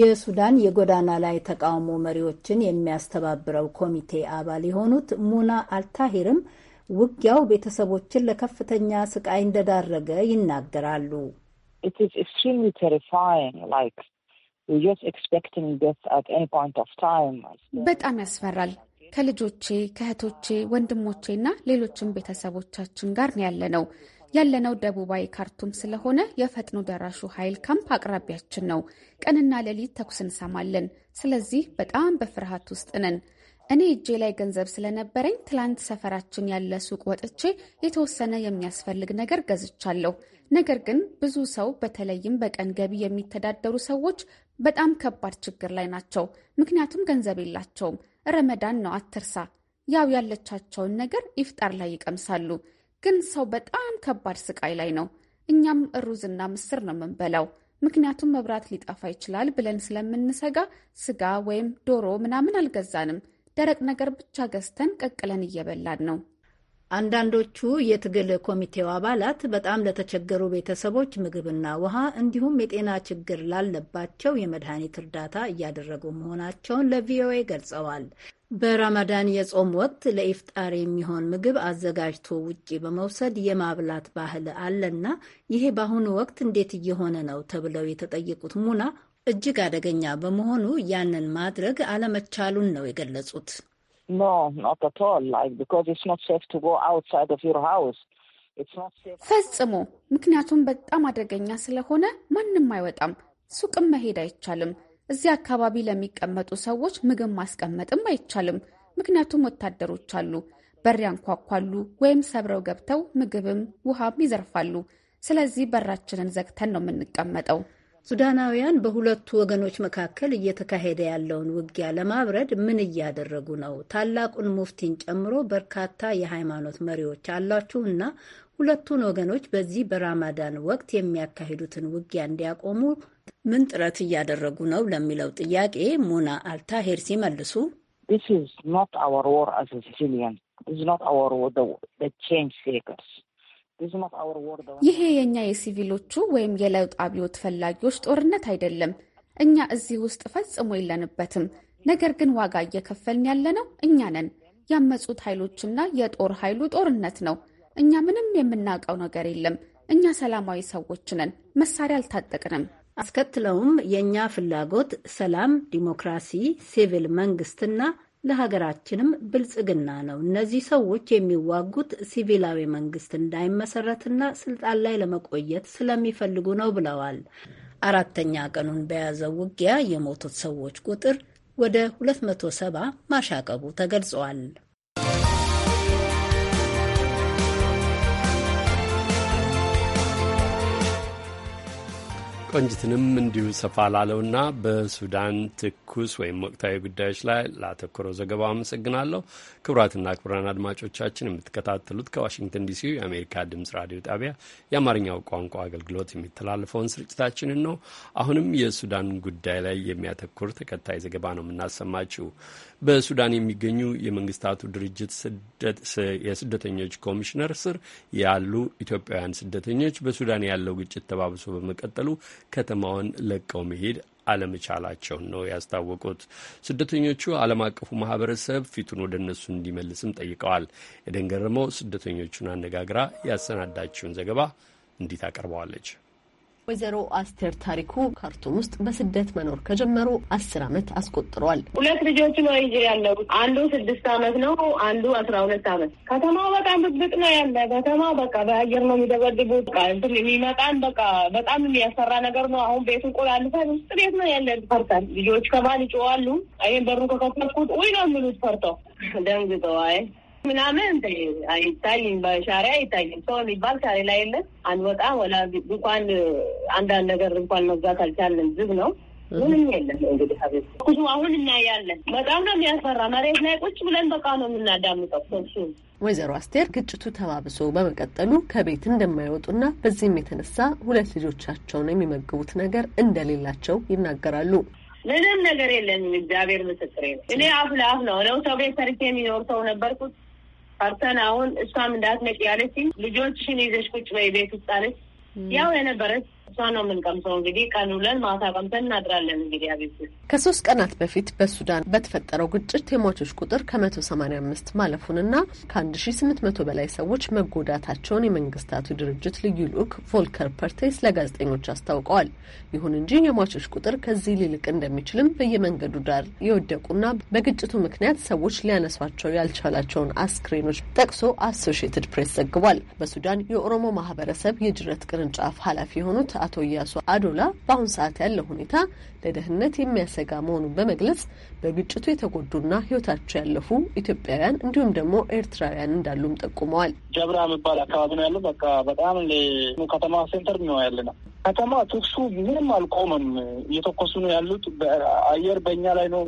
የሱዳን የጎዳና ላይ ተቃውሞ መሪዎችን የሚያስተባብረው ኮሚቴ አባል የሆኑት ሙና አልታሂርም ውጊያው ቤተሰቦችን ለከፍተኛ ስቃይ እንደዳረገ ይናገራሉ። በጣም ያስፈራል። ከልጆቼ ከእህቶቼ፣ ወንድሞቼ እና ሌሎችም ቤተሰቦቻችን ጋር ነው ያለ ነው ያለነው ደቡባዊ ካርቱም ስለሆነ የፈጥኖ ደራሹ ኃይል ካምፕ አቅራቢያችን ነው። ቀንና ሌሊት ተኩስ እንሰማለን። ስለዚህ በጣም በፍርሃት ውስጥ ነን። እኔ እጄ ላይ ገንዘብ ስለነበረኝ ትላንት ሰፈራችን ያለ ሱቅ ወጥቼ የተወሰነ የሚያስፈልግ ነገር ገዝቻለሁ። ነገር ግን ብዙ ሰው በተለይም በቀን ገቢ የሚተዳደሩ ሰዎች በጣም ከባድ ችግር ላይ ናቸው። ምክንያቱም ገንዘብ የላቸውም። ረመዳን ነው አትርሳ። ያው ያለቻቸውን ነገር ኢፍጣር ላይ ይቀምሳሉ። ግን ሰው በጣም ከባድ ስቃይ ላይ ነው። እኛም ሩዝና ምስር ነው የምንበላው። ምክንያቱም መብራት ሊጠፋ ይችላል ብለን ስለምንሰጋ ስጋ ወይም ዶሮ ምናምን አልገዛንም። ደረቅ ነገር ብቻ ገዝተን ቀቅለን እየበላን ነው። አንዳንዶቹ የትግል ኮሚቴው አባላት በጣም ለተቸገሩ ቤተሰቦች ምግብና ውሃ እንዲሁም የጤና ችግር ላለባቸው የመድኃኒት እርዳታ እያደረጉ መሆናቸውን ለቪኦኤ ገልጸዋል። በረመዳን የጾም ወቅት ለኢፍጣር የሚሆን ምግብ አዘጋጅቶ ውጪ በመውሰድ የማብላት ባህል አለና ይሄ በአሁኑ ወቅት እንዴት እየሆነ ነው ተብለው የተጠየቁት ሙና እጅግ አደገኛ በመሆኑ ያንን ማድረግ አለመቻሉን ነው የገለጹት። ፈጽሞ፣ ምክንያቱም በጣም አደገኛ ስለሆነ ማንም አይወጣም። ሱቅም መሄድ አይቻልም። እዚህ አካባቢ ለሚቀመጡ ሰዎች ምግብ ማስቀመጥም አይቻልም። ምክንያቱም ወታደሮች አሉ፣ በር ያንኳኳሉ ወይም ሰብረው ገብተው ምግብም ውሃም ይዘርፋሉ። ስለዚህ በራችንን ዘግተን ነው የምንቀመጠው። ሱዳናውያን በሁለቱ ወገኖች መካከል እየተካሄደ ያለውን ውጊያ ለማብረድ ምን እያደረጉ ነው? ታላቁን ሙፍቲን ጨምሮ በርካታ የሃይማኖት መሪዎች አሏችሁ እና ሁለቱን ወገኖች በዚህ በራማዳን ወቅት የሚያካሂዱትን ውጊያ እንዲያቆሙ ምን ጥረት እያደረጉ ነው ለሚለው ጥያቄ ሙና አልታሄር ሲመልሱ ስ ኖት አወር ወር አስ ሲቪሊያን ስ ኖት አወር ቼንጅ ሴከርስ ይሄ የእኛ የሲቪሎቹ ወይም የለውጥ አብዮት ፈላጊዎች ጦርነት አይደለም። እኛ እዚህ ውስጥ ፈጽሞ የለንበትም። ነገር ግን ዋጋ እየከፈልን ያለነው እኛ ነን። ያመፁት ኃይሎችና የጦር ኃይሉ ጦርነት ነው። እኛ ምንም የምናውቀው ነገር የለም። እኛ ሰላማዊ ሰዎች ነን። መሳሪያ አልታጠቅንም። አስከትለውም የእኛ ፍላጎት ሰላም፣ ዲሞክራሲ፣ ሲቪል መንግስትና ለሀገራችንም ብልጽግና ነው። እነዚህ ሰዎች የሚዋጉት ሲቪላዊ መንግስት እንዳይመሰረትና ስልጣን ላይ ለመቆየት ስለሚፈልጉ ነው ብለዋል። አራተኛ ቀኑን በያዘው ውጊያ የሞቱት ሰዎች ቁጥር ወደ 270 ማሻቀቡ ተገልጿል። ቆንጅትንም እንዲሁ ሰፋ ላለውና በሱዳን ትኩስ ወይም ወቅታዊ ጉዳዮች ላይ ላተኮረው ዘገባው አመሰግናለሁ። ክቡራትና ክቡራን አድማጮቻችን የምትከታተሉት ከዋሽንግተን ዲሲ የአሜሪካ ድምጽ ራዲዮ ጣቢያ የአማርኛው ቋንቋ አገልግሎት የሚተላለፈውን ስርጭታችንን ነው። አሁንም የሱዳን ጉዳይ ላይ የሚያተኩር ተከታይ ዘገባ ነው የምናሰማችው። በሱዳን የሚገኙ የመንግስታቱ ድርጅት የስደተኞች ኮሚሽነር ስር ያሉ ኢትዮጵያውያን ስደተኞች በሱዳን ያለው ግጭት ተባብሶ በመቀጠሉ ከተማውን ለቀው መሄድ አለመቻላቸውን ነው ያስታወቁት። ስደተኞቹ ዓለም አቀፉ ማህበረሰብ ፊቱን ወደ እነሱ እንዲመልስም ጠይቀዋል። የደንገረመው ስደተኞቹን አነጋግራ ያሰናዳችውን ዘገባ እንዲት አቀርበዋለች። ወይዘሮ አስቴር ታሪኩ ካርቱም ውስጥ በስደት መኖር ከጀመሩ አስር ዓመት አስቆጥረዋል። ሁለት ልጆች ነው ይዤ ያለው። አንዱ ስድስት ዓመት ነው፣ አንዱ አስራ ሁለት ዓመት። ከተማው በጣም ብጥብጥ ነው ያለ። ከተማ በቃ በአየር ነው የሚደበድቡት። የሚመጣን በቃ በጣም የሚያሰራ ነገር ነው። አሁን ቤቱ ቆላልፈን ውስጥ ቤት ነው ያለ። ፈርታል። ልጆች ከባል ይጮዋሉ። ይህን በሩ ከከፈትኩት ውይ ነው የሚሉት ፈርተው ደንግጠዋይ ምናምን አይታይም፣ በሻሪያ አይታይም። ሰው የሚባል ሻሪ ላይ የለን አንወጣም። ወላ እንኳን አንዳንድ ነገር እንኳን መግዛት አልቻለን። ዝግ ነው፣ ምንም የለም። እንግዲህ ብዙ አሁን እናያለን። በጣም ነው የሚያስፈራ። መሬት ላይ ቁጭ ብለን በቃ ነው የምናዳምጠው እሱ ወይዘሮ አስቴር ግጭቱ ተባብሶ በመቀጠሉ ከቤት እንደማይወጡና በዚህም የተነሳ ሁለት ልጆቻቸውን የሚመግቡት ነገር እንደሌላቸው ይናገራሉ። ምንም ነገር የለንም። እግዚአብሔር ምስክሬ ነው። እኔ አፍ ለአፍ ነው ነው ሰው ቤት ሰርቼ የሚኖር ሰው ነበርኩት ፈርተን አሁን እሷም እንዳትነቅ ያለችኝ ልጆችሽን ይዘሽ ቁጭ በይ ቤት ውስጥ አለች። ያው የነበረች እሷ ነው የምንቀምሰው። እንግዲህ ቀን ውለን ማታ ቀምሰን እናድራለን። እንግዲህ አቤት ከሶስት ቀናት በፊት በሱዳን በተፈጠረው ግጭት የሟቾች ቁጥር ከመቶ ሰማኒያ አምስት ማለፉንና ከአንድ ሺ ስምንት መቶ በላይ ሰዎች መጎዳታቸውን የመንግስታቱ ድርጅት ልዩ ልዑክ ቮልከር ፐርቴስ ለጋዜጠኞች አስታውቀዋል። ይሁን እንጂ የሟቾች ቁጥር ከዚህ ሊልቅ እንደሚችልም በየመንገዱ ዳር የወደቁና በግጭቱ ምክንያት ሰዎች ሊያነሷቸው ያልቻላቸውን አስክሬኖች ጠቅሶ አሶሺየትድ ፕሬስ ዘግቧል። በሱዳን የኦሮሞ ማህበረሰብ የጅረት ቅርንጫፍ ኃላፊ የሆኑት አቶ እያሱ አዶላ በአሁን ሰዓት ያለው ሁኔታ ለደህንነት የሚያሰጋ መሆኑን በመግለጽ በግጭቱ የተጎዱና ህይወታቸው ያለፉ ኢትዮጵያውያን እንዲሁም ደግሞ ኤርትራውያን እንዳሉም ጠቁመዋል። ጀብራ የሚባል አካባቢ ነው ያለው። በቃ በጣም ከተማ ሴንተር ነው ያለ ነው ከተማ ትኩሱ ምንም አልቆመም። እየተኮሱ ነው ያሉት። አየር በእኛ ላይ ነው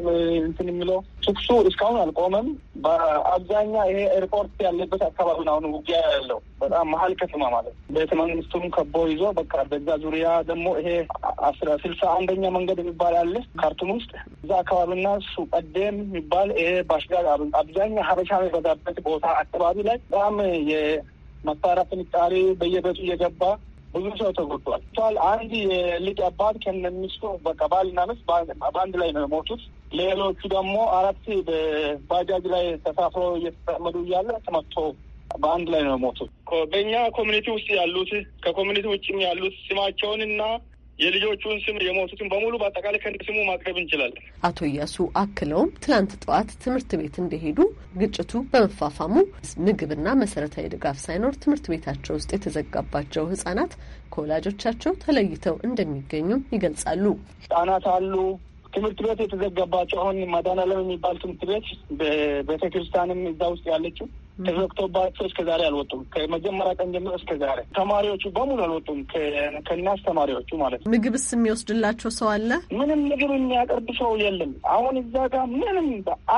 እንትን የሚለው ትኩሱ እስካሁን አልቆመም። በአብዛኛ ይሄ ኤርፖርት ያለበት አካባቢ ነው አሁን ውጊያ ያለው በጣም መሀል ከተማ ማለት ቤተ መንግስቱም ከቦ ይዞ በቃ በዛ ዙሪያ ደግሞ ይሄ ስልሳ አንደኛ መንገድ የሚባል አለ ካርቱም ውስጥ እዛ አካባቢና ቀደም የሚባል ይሄ ባሽጋር አብዛኛው ሀበሻ የበዛበት ቦታ አካባቢ ላይ በጣም የመሳሪያ ፍንጣሪ በየቤቱ እየገባ ብዙ ሰው ተጎድቷል። ቷል አንድ የልጅ አባት ከነሚስቱ በቃ ባልና ሚስት በአንድ ላይ ነው የሞቱት። ሌሎቹ ደግሞ አራት በባጃጅ ላይ ተሳፍሮ እየተጠመዱ እያለ ተመቶ በአንድ ላይ ነው የሞቱት። በእኛ ኮሚኒቲ ውስጥ ያሉት ከኮሚኒቲ ውጭም ያሉት ስማቸውን እና የልጆቹን ስም የሞቱትን በሙሉ በአጠቃላይ ከእንደ ስሙ ማቅረብ እንችላለን። አቶ እያሱ አክለውም ትናንት ጠዋት ትምህርት ቤት እንደሄዱ ግጭቱ በመፋፋሙ ምግብና መሰረታዊ ድጋፍ ሳይኖር ትምህርት ቤታቸው ውስጥ የተዘጋባቸው ህጻናት ከወላጆቻቸው ተለይተው እንደሚገኙም ይገልጻሉ። ህጻናት አሉ ትምህርት ቤት የተዘጋባቸው አሁን ማዳን የሚባል ትምህርት ቤት ቤተ ክርስቲያንም እዛ ውስጥ ያለችው ተዘግቶባቸው እስከ ዛሬ አልወጡም። ከመጀመሪያ ቀን ጀምሮ እስከ ዛሬ ተማሪዎቹ በሙሉ አልወጡም። ከእናስ ተማሪዎቹ ማለት ነው። ምግብስ የሚወስድላቸው ሰው አለ? ምንም ምግብ የሚያቀርብ ሰው የለም። አሁን እዛ ጋር ምንም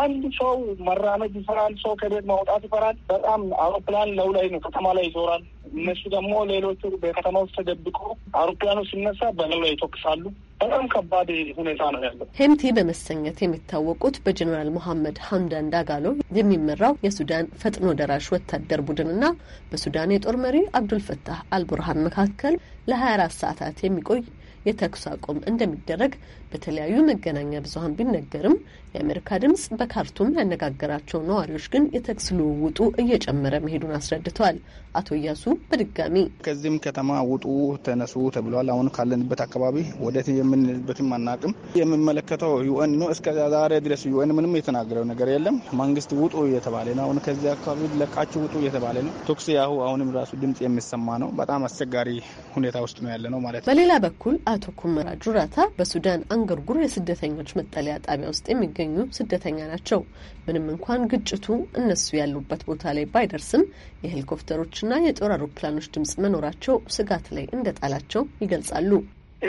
አንድ ሰው መራመድ ይፈራል። ሰው ከቤት ማውጣት ይፈራል። በጣም አውሮፕላን ለው ላይ ነው ከተማ ላይ ይዞራል። እነሱ ደግሞ ሌሎቹ በከተማ ውስጥ ተደብቆ አውሮፕላኑ ሲነሳ በለም ላይ ይተኩሳሉ። በጣም ከባድ ሁኔታ ነው ያለው። ሄምቲ በመሰኘት የሚታወቁት በጀኔራል መሐመድ ሀምዳን ዳጋሎ የሚመራው የሱዳን ፈጥኖ ደራሽ ወታደር ቡድንና በሱዳን የጦር መሪ አብዱልፈታህ አልቡርሃን መካከል ለ24 ሰዓታት የሚቆይ የተኩስ አቁም እንደሚደረግ በተለያዩ መገናኛ ብዙኃን ቢነገርም የአሜሪካ ድምጽ በካርቱም ያነጋገራቸው ነዋሪዎች ግን የተኩስ ልውውጡ እየጨመረ መሄዱን አስረድተዋል። አቶ እያሱ በድጋሚ ከዚህም ከተማ ውጡ፣ ተነሱ ተብለዋል። አሁን ካለንበት አካባቢ ወደት የምንልበትም አናቅም። የምመለከተው ዩኤን ነው። እስከ ዛሬ ድረስ ዩኤን ምንም የተናገረው ነገር የለም። መንግስት ውጡ እየተባለ ነው። አሁን ከዚህ አካባቢ ለቃችሁ ውጡ እየተባለ ነው። ተኩስ ያሁ አሁንም ራሱ ድምጽ የሚሰማ ነው። በጣም አስቸጋሪ ሁኔታ ውስጥ ነው ያለ ነው ማለት ነው። በሌላ በኩል አቶ ኩመራ ጁራታ በሱዳን በማንገርጉር የስደተኞች መጠለያ ጣቢያ ውስጥ የሚገኙ ስደተኛ ናቸው። ምንም እንኳን ግጭቱ እነሱ ያሉበት ቦታ ላይ ባይደርስም የሄሊኮፕተሮችና የጦር አውሮፕላኖች ድምጽ መኖራቸው ስጋት ላይ እንደጣላቸው ይገልጻሉ።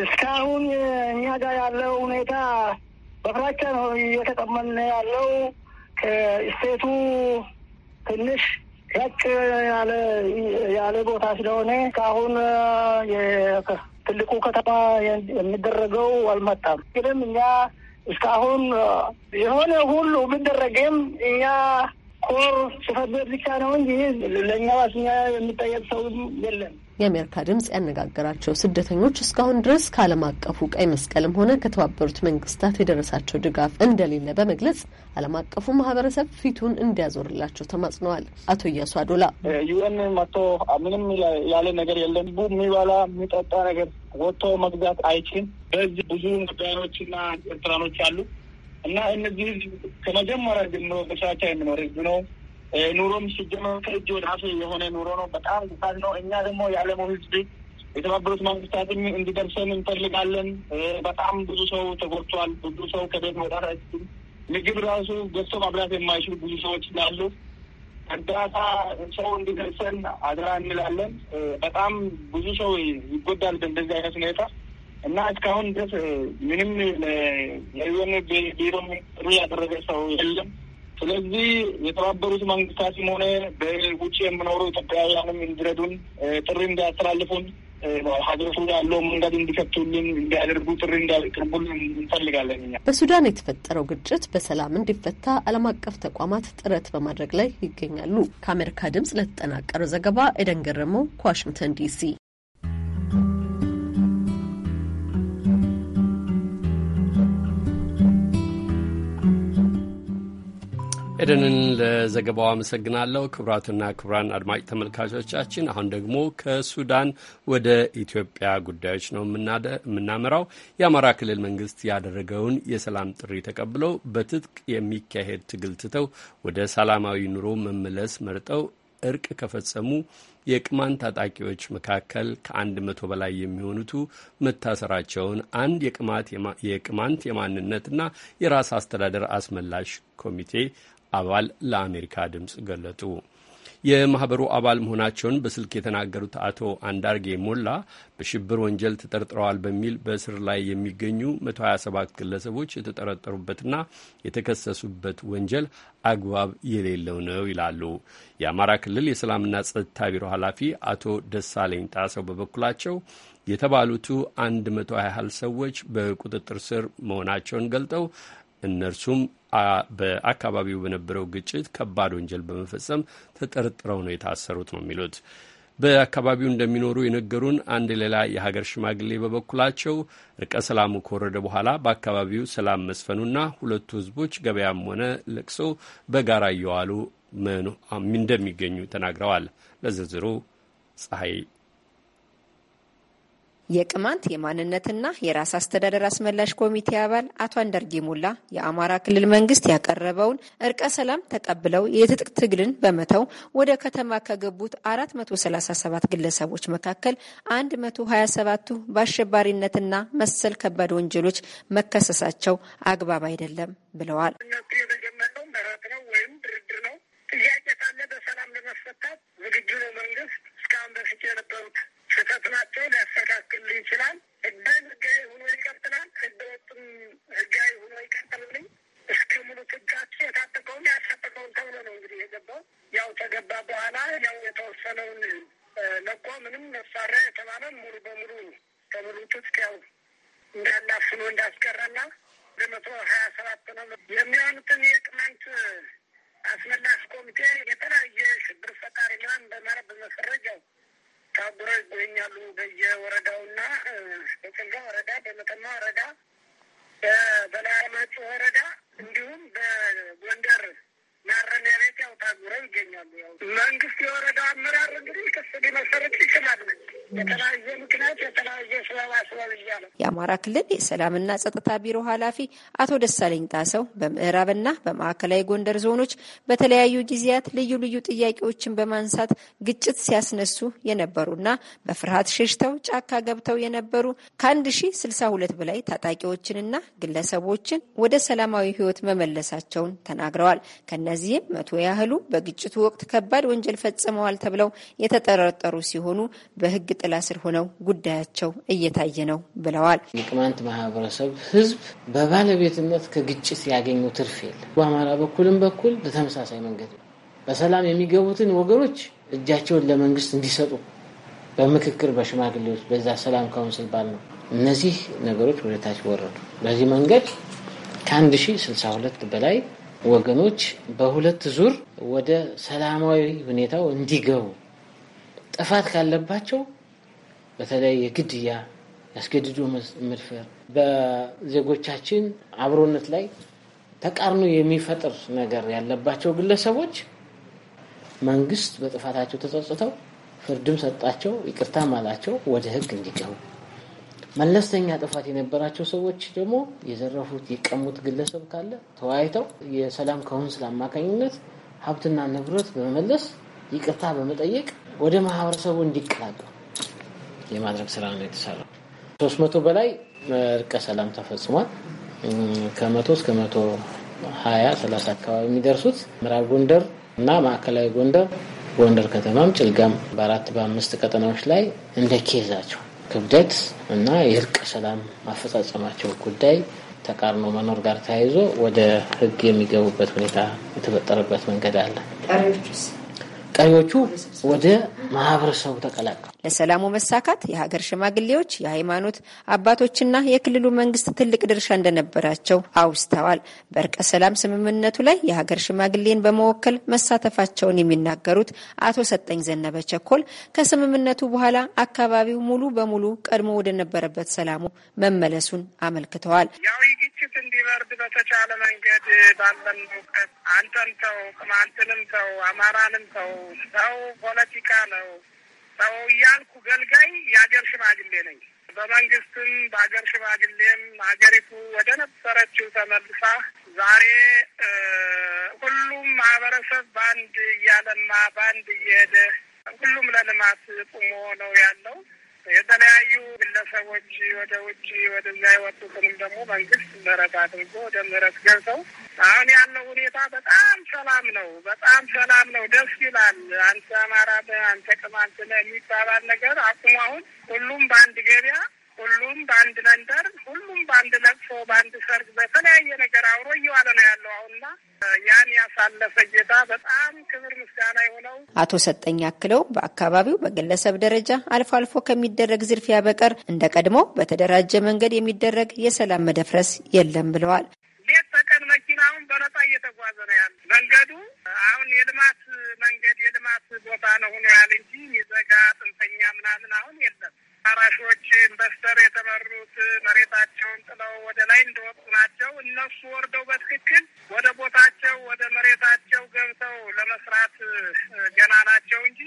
እስካሁን እኛ ጋር ያለው ሁኔታ በፍራቻ ነው እየተቀመን ያለው። ከስቴቱ ትንሽ ራቅ ያለ ቦታ ስለሆነ እስካሁን ትልቁ ከተማ የሚደረገው አልመጣም። ግንም እኛ እስካሁን የሆነ ሁሉ ቢደረግም እኛ ኮር ጽፈት ቤት ብቻ ነው እንጂ ለእኛ ዋስኛ የሚጠየቅ ሰውም የለም። የአሜሪካ ድምጽ ያነጋገራቸው ስደተኞች እስካሁን ድረስ ከዓለም አቀፉ ቀይ መስቀልም ሆነ ከተባበሩት መንግስታት የደረሳቸው ድጋፍ እንደሌለ በመግለጽ ዓለም አቀፉ ማህበረሰብ ፊቱን እንዲያዞርላቸው ተማጽነዋል። አቶ እያሱ አዶላ ዩኤን መጥቶ ምንም ያለ ነገር የለም ቡ የሚበላ የሚጠጣ ነገር ወጥቶ መግዛት አይችልም። በዚህ ብዙ ኢትዮጵያኖችና ኤርትራኖች አሉ እና እነዚህ ከመጀመሪያ ጀምሮ በሻቻ የምኖር ህዝብ ነው። ኑሮም ሲጀመር ከእጅ ወደ አፍ የሆነ ኑሮ ነው። በጣም ሳት ነው። እኛ ደግሞ የዓለሙ ህዝብ የተባበሩት መንግስታትም እንዲደርሰን እንፈልጋለን። በጣም ብዙ ሰው ተጎድቷል። ብዙ ሰው ከቤት መውጣት አይችልም። ምግብ ራሱ ገዝቶ ማብላት የማይችሉ ብዙ ሰዎች ስላሉ እርዳታ ሰው እንዲደርሰን አድራ እንላለን። በጣም ብዙ ሰው ይጎዳል በእንደዚህ አይነት ሁኔታ እና እስካሁን ድረስ ምንም የዩኤን ቢሮ ጥሪ ያደረገ ሰው የለም። ስለዚህ የተባበሩት መንግስታትም ሆነ በውጭ የምኖሩ ኢትዮጵያውያንም እንዲረዱን ጥሪ እንዲያስተላልፉን ሀገሪቱ ያለው መንገድ እንዲከቱልን እንዲያደርጉ ጥሪ እንዲያቅርቡልን እንፈልጋለን። እኛ በሱዳን የተፈጠረው ግጭት በሰላም እንዲፈታ ዓለም አቀፍ ተቋማት ጥረት በማድረግ ላይ ይገኛሉ። ከአሜሪካ ድምጽ ለተጠናቀረው ዘገባ ኤደን ገረመው ከዋሽንግተን ዲሲ ኤደንን ለዘገባው አመሰግናለሁ። ክቡራትና ክቡራን አድማጭ ተመልካቾቻችን አሁን ደግሞ ከሱዳን ወደ ኢትዮጵያ ጉዳዮች ነው የምናመራው። የአማራ ክልል መንግስት ያደረገውን የሰላም ጥሪ ተቀብለው በትጥቅ የሚካሄድ ትግል ትተው ወደ ሰላማዊ ኑሮ መመለስ መርጠው እርቅ ከፈጸሙ የቅማን ታጣቂዎች መካከል ከአንድ መቶ በላይ የሚሆኑቱ መታሰራቸውን አንድ የቅማንት የማንነትና የራስ አስተዳደር አስመላሽ ኮሚቴ አባል ለአሜሪካ ድምፅ ገለጡ። የማህበሩ አባል መሆናቸውን በስልክ የተናገሩት አቶ አንዳርጌ ሞላ በሽብር ወንጀል ተጠርጥረዋል በሚል በእስር ላይ የሚገኙ 127 ግለሰቦች የተጠረጠሩበትና የተከሰሱበት ወንጀል አግባብ የሌለው ነው ይላሉ። የአማራ ክልል የሰላምና ጸጥታ ቢሮ ኃላፊ አቶ ደሳለኝ ጣሰው በበኩላቸው የተባሉቱ 120 ያህል ሰዎች በቁጥጥር ስር መሆናቸውን ገልጠው እነርሱም በአካባቢው በነበረው ግጭት ከባድ ወንጀል በመፈጸም ተጠርጥረው ነው የታሰሩት ነው የሚሉት። በአካባቢው እንደሚኖሩ የነገሩን አንድ ሌላ የሀገር ሽማግሌ በበኩላቸው እርቀ ሰላሙ ከወረደ በኋላ በአካባቢው ሰላም መስፈኑና ሁለቱ ሕዝቦች ገበያም ሆነ ለቅሶ በጋራ እየዋሉ እንደሚገኙ ተናግረዋል። ለዝርዝሩ ፀሐይ የቅማንት የማንነትና የራስ አስተዳደር አስመላሽ ኮሚቴ አባል አቶ አንደርጌ ሞላ የአማራ ክልል መንግስት ያቀረበውን እርቀ ሰላም ተቀብለው የትጥቅ ትግልን በመተው ወደ ከተማ ከገቡት 437 ግለሰቦች መካከል 127ቱ በአሸባሪነትና መሰል ከባድ ወንጀሎች መከሰሳቸው አግባብ አይደለም ብለዋል። ጥያቄ ካለ በሰላም ለመፈታት ዝግጁ ነው መንግስት እስካሁን በፊት የነበሩት ስህተት ናቸው ሊያስተካክል ይችላል። ህጋዊ ህጋዊ ሆኖ ይቀጥላል። ህገ ወጥም ህጋዊ ሆኖ ይቀጥልልኝ እስከ ሙሉ ትጋቸው የታጠቀውን ያልታጠቀውን ተብሎ ነው እንግዲህ የገባው። ያው ተገባ በኋላ ያው የተወሰነውን ለቆ ምንም መሳሪያ የተባለ ሙሉ በሙሉ ከሙሉ ትጥቅ ያው እንዳላፍኖ እንዳስቀረና በመቶ ሀያ ሰባት ነው የሚሆኑትን የቅማንት አስመላሽ ኮሚቴ የተለያየ ሽብር ፈጣሪ ሊሆን በማለት በመፈረጅ ያው ታጉረው ይገኛሉ። በየወረዳውና በጨልጋ ወረዳ፣ በመተማ ወረዳ፣ በበላይ ወረዳ እንዲሁም በጎንደር ማረሚያ ቤት ያው ታጉረው ይገኛሉ። ያው መንግስት የወረዳ አመራር እንግዲህ ክስ ሊመሰርት ይችላል። የተለያየ ምክንያት የተለያየ ስበብ አስበብ እያለ የአማራ ክልል የሰላምና ጸጥታ ቢሮ ኃላፊ አቶ ደሳለኝ ጣሰው በምዕራብና በማዕከላዊ ጎንደር ዞኖች በተለያዩ ጊዜያት ልዩ ልዩ ጥያቄዎችን በማንሳት ግጭት ሲያስነሱ የነበሩና በፍርሃት ሸሽተው ጫካ ገብተው የነበሩ ከአንድ ሺ ስልሳ ሁለት በላይ ታጣቂዎችንና ግለሰቦችን ወደ ሰላማዊ ህይወት መመለሳቸውን ተናግረዋል። ከነ ከእነዚህም መቶ ያህሉ በግጭቱ ወቅት ከባድ ወንጀል ፈጽመዋል ተብለው የተጠረጠሩ ሲሆኑ በህግ ጥላ ስር ሆነው ጉዳያቸው እየታየ ነው ብለዋል። የቅማንት ማህበረሰብ ህዝብ በባለቤትነት ከግጭት ያገኘው ትርፍ የለ። በአማራ በኩልም በኩል በተመሳሳይ መንገድ በሰላም የሚገቡትን ወገኖች እጃቸውን ለመንግስት እንዲሰጡ በምክክር በሽማግሌዎች በዛ ሰላም ካውንስል ባል ነው እነዚህ ነገሮች ወደታች ወረዱ። በዚህ መንገድ ከ1062 በላይ ወገኖች በሁለት ዙር ወደ ሰላማዊ ሁኔታው እንዲገቡ ጥፋት ካለባቸው በተለይ የግድያ ያስገድዶ መድፈር በዜጎቻችን አብሮነት ላይ ተቃርኖ የሚፈጥር ነገር ያለባቸው ግለሰቦች መንግስት በጥፋታቸው ተጸጽተው ፍርድም ሰጣቸው፣ ይቅርታም አላቸው ወደ ህግ እንዲገቡ መለስተኛ ጥፋት የነበራቸው ሰዎች ደግሞ የዘረፉት የቀሙት ግለሰብ ካለ ተወያይተው የሰላም ካውንስል አማካኝነት ሀብትና ንብረት በመመለስ ይቅርታ በመጠየቅ ወደ ማህበረሰቡ እንዲቀላቀሉ የማድረግ ስራ ነው የተሰራው። ሶስት መቶ በላይ እርቀ ሰላም ተፈጽሟል። ከመቶ እስከ መቶ ሀያ ሰላሳ አካባቢ የሚደርሱት ምዕራብ ጎንደር እና ማዕከላዊ ጎንደር፣ ጎንደር ከተማም ጭልጋም በአራት በአምስት ቀጠናዎች ላይ እንደ ኬዛቸው ክብደት እና የእርቅ ሰላም አፈጻጸማቸው ጉዳይ ተቃርኖ መኖር ጋር ተያይዞ ወደ ህግ የሚገቡበት ሁኔታ የተፈጠረበት መንገድ አለ። ቀሪዎቹ ወደ ማህበረሰቡ ተቀላቀሉ። ለሰላሙ መሳካት የሀገር ሽማግሌዎች፣ የሃይማኖት አባቶችና የክልሉ መንግስት ትልቅ ድርሻ እንደነበራቸው አውስተዋል። በእርቀ ሰላም ስምምነቱ ላይ የሀገር ሽማግሌን በመወከል መሳተፋቸውን የሚናገሩት አቶ ሰጠኝ ዘነበ ቸኮል ከስምምነቱ በኋላ አካባቢው ሙሉ በሙሉ ቀድሞ ወደነበረበት ሰላሙ መመለሱን አመልክተዋል። እንድንወርድ በተቻለ መንገድ ባለን እውቀት አንተን ተው፣ ቅማንትንም ተው፣ አማራንም ተው፣ ሰው ፖለቲካ ነው ሰው እያልኩ ገልጋይ የአገር ሽማግሌ ነኝ። በመንግስትም በአገር ሽማግሌም ሀገሪቱ ወደ ነበረችው ተመልሳ ዛሬ ሁሉም ማህበረሰብ በአንድ እያለማ በአንድ እየሄደ ሁሉም ለልማት ቁሞ ነው ያለው። የተለያዩ ግለሰቦች ወደ ውጭ ወደዛ የወጡትንም ደግሞ መንግስት ምህረት አድርጎ ወደ ምህረት ገብተው አሁን ያለው ሁኔታ በጣም ሰላም ነው። በጣም ሰላም ነው። ደስ ይላል። አንተ አማራ፣ አንተ ቅማንት የሚባባል ነገር አቁሙ። አሁን ሁሉም በአንድ ገበያ ሁሉም በአንድ መንደር፣ ሁሉም በአንድ ለቅሶ፣ በአንድ ሰርግ፣ በተለያየ ነገር አብሮ እየዋለ ነው ያለው አሁንና ያን ያሳለፈ ጌታ በጣም ክብር ምስጋና የሆነው። አቶ ሰጠኝ አክለው በአካባቢው በግለሰብ ደረጃ አልፎ አልፎ ከሚደረግ ዝርፊያ በቀር እንደ ቀድሞ በተደራጀ መንገድ የሚደረግ የሰላም መደፍረስ የለም ብለዋል። ሌት ተቀን መኪናውን በነጻ እየተጓዘ ነው ያለ። መንገዱ አሁን የልማት መንገድ የልማት ቦታ ነው ሆኖ ያህል እንጂ ይዘጋ ጥንፈኛ ምናምን አሁን የለም። አራሾች ኢንቨስተር የተመሩት መሬታቸውን ጥለው ወደ ላይ እንደወጡ ናቸው። እነሱ ወርደው በትክክል ወደ ቦታቸው ወደ መሬታቸው ገብተው ለመስራት ገና ናቸው እንጂ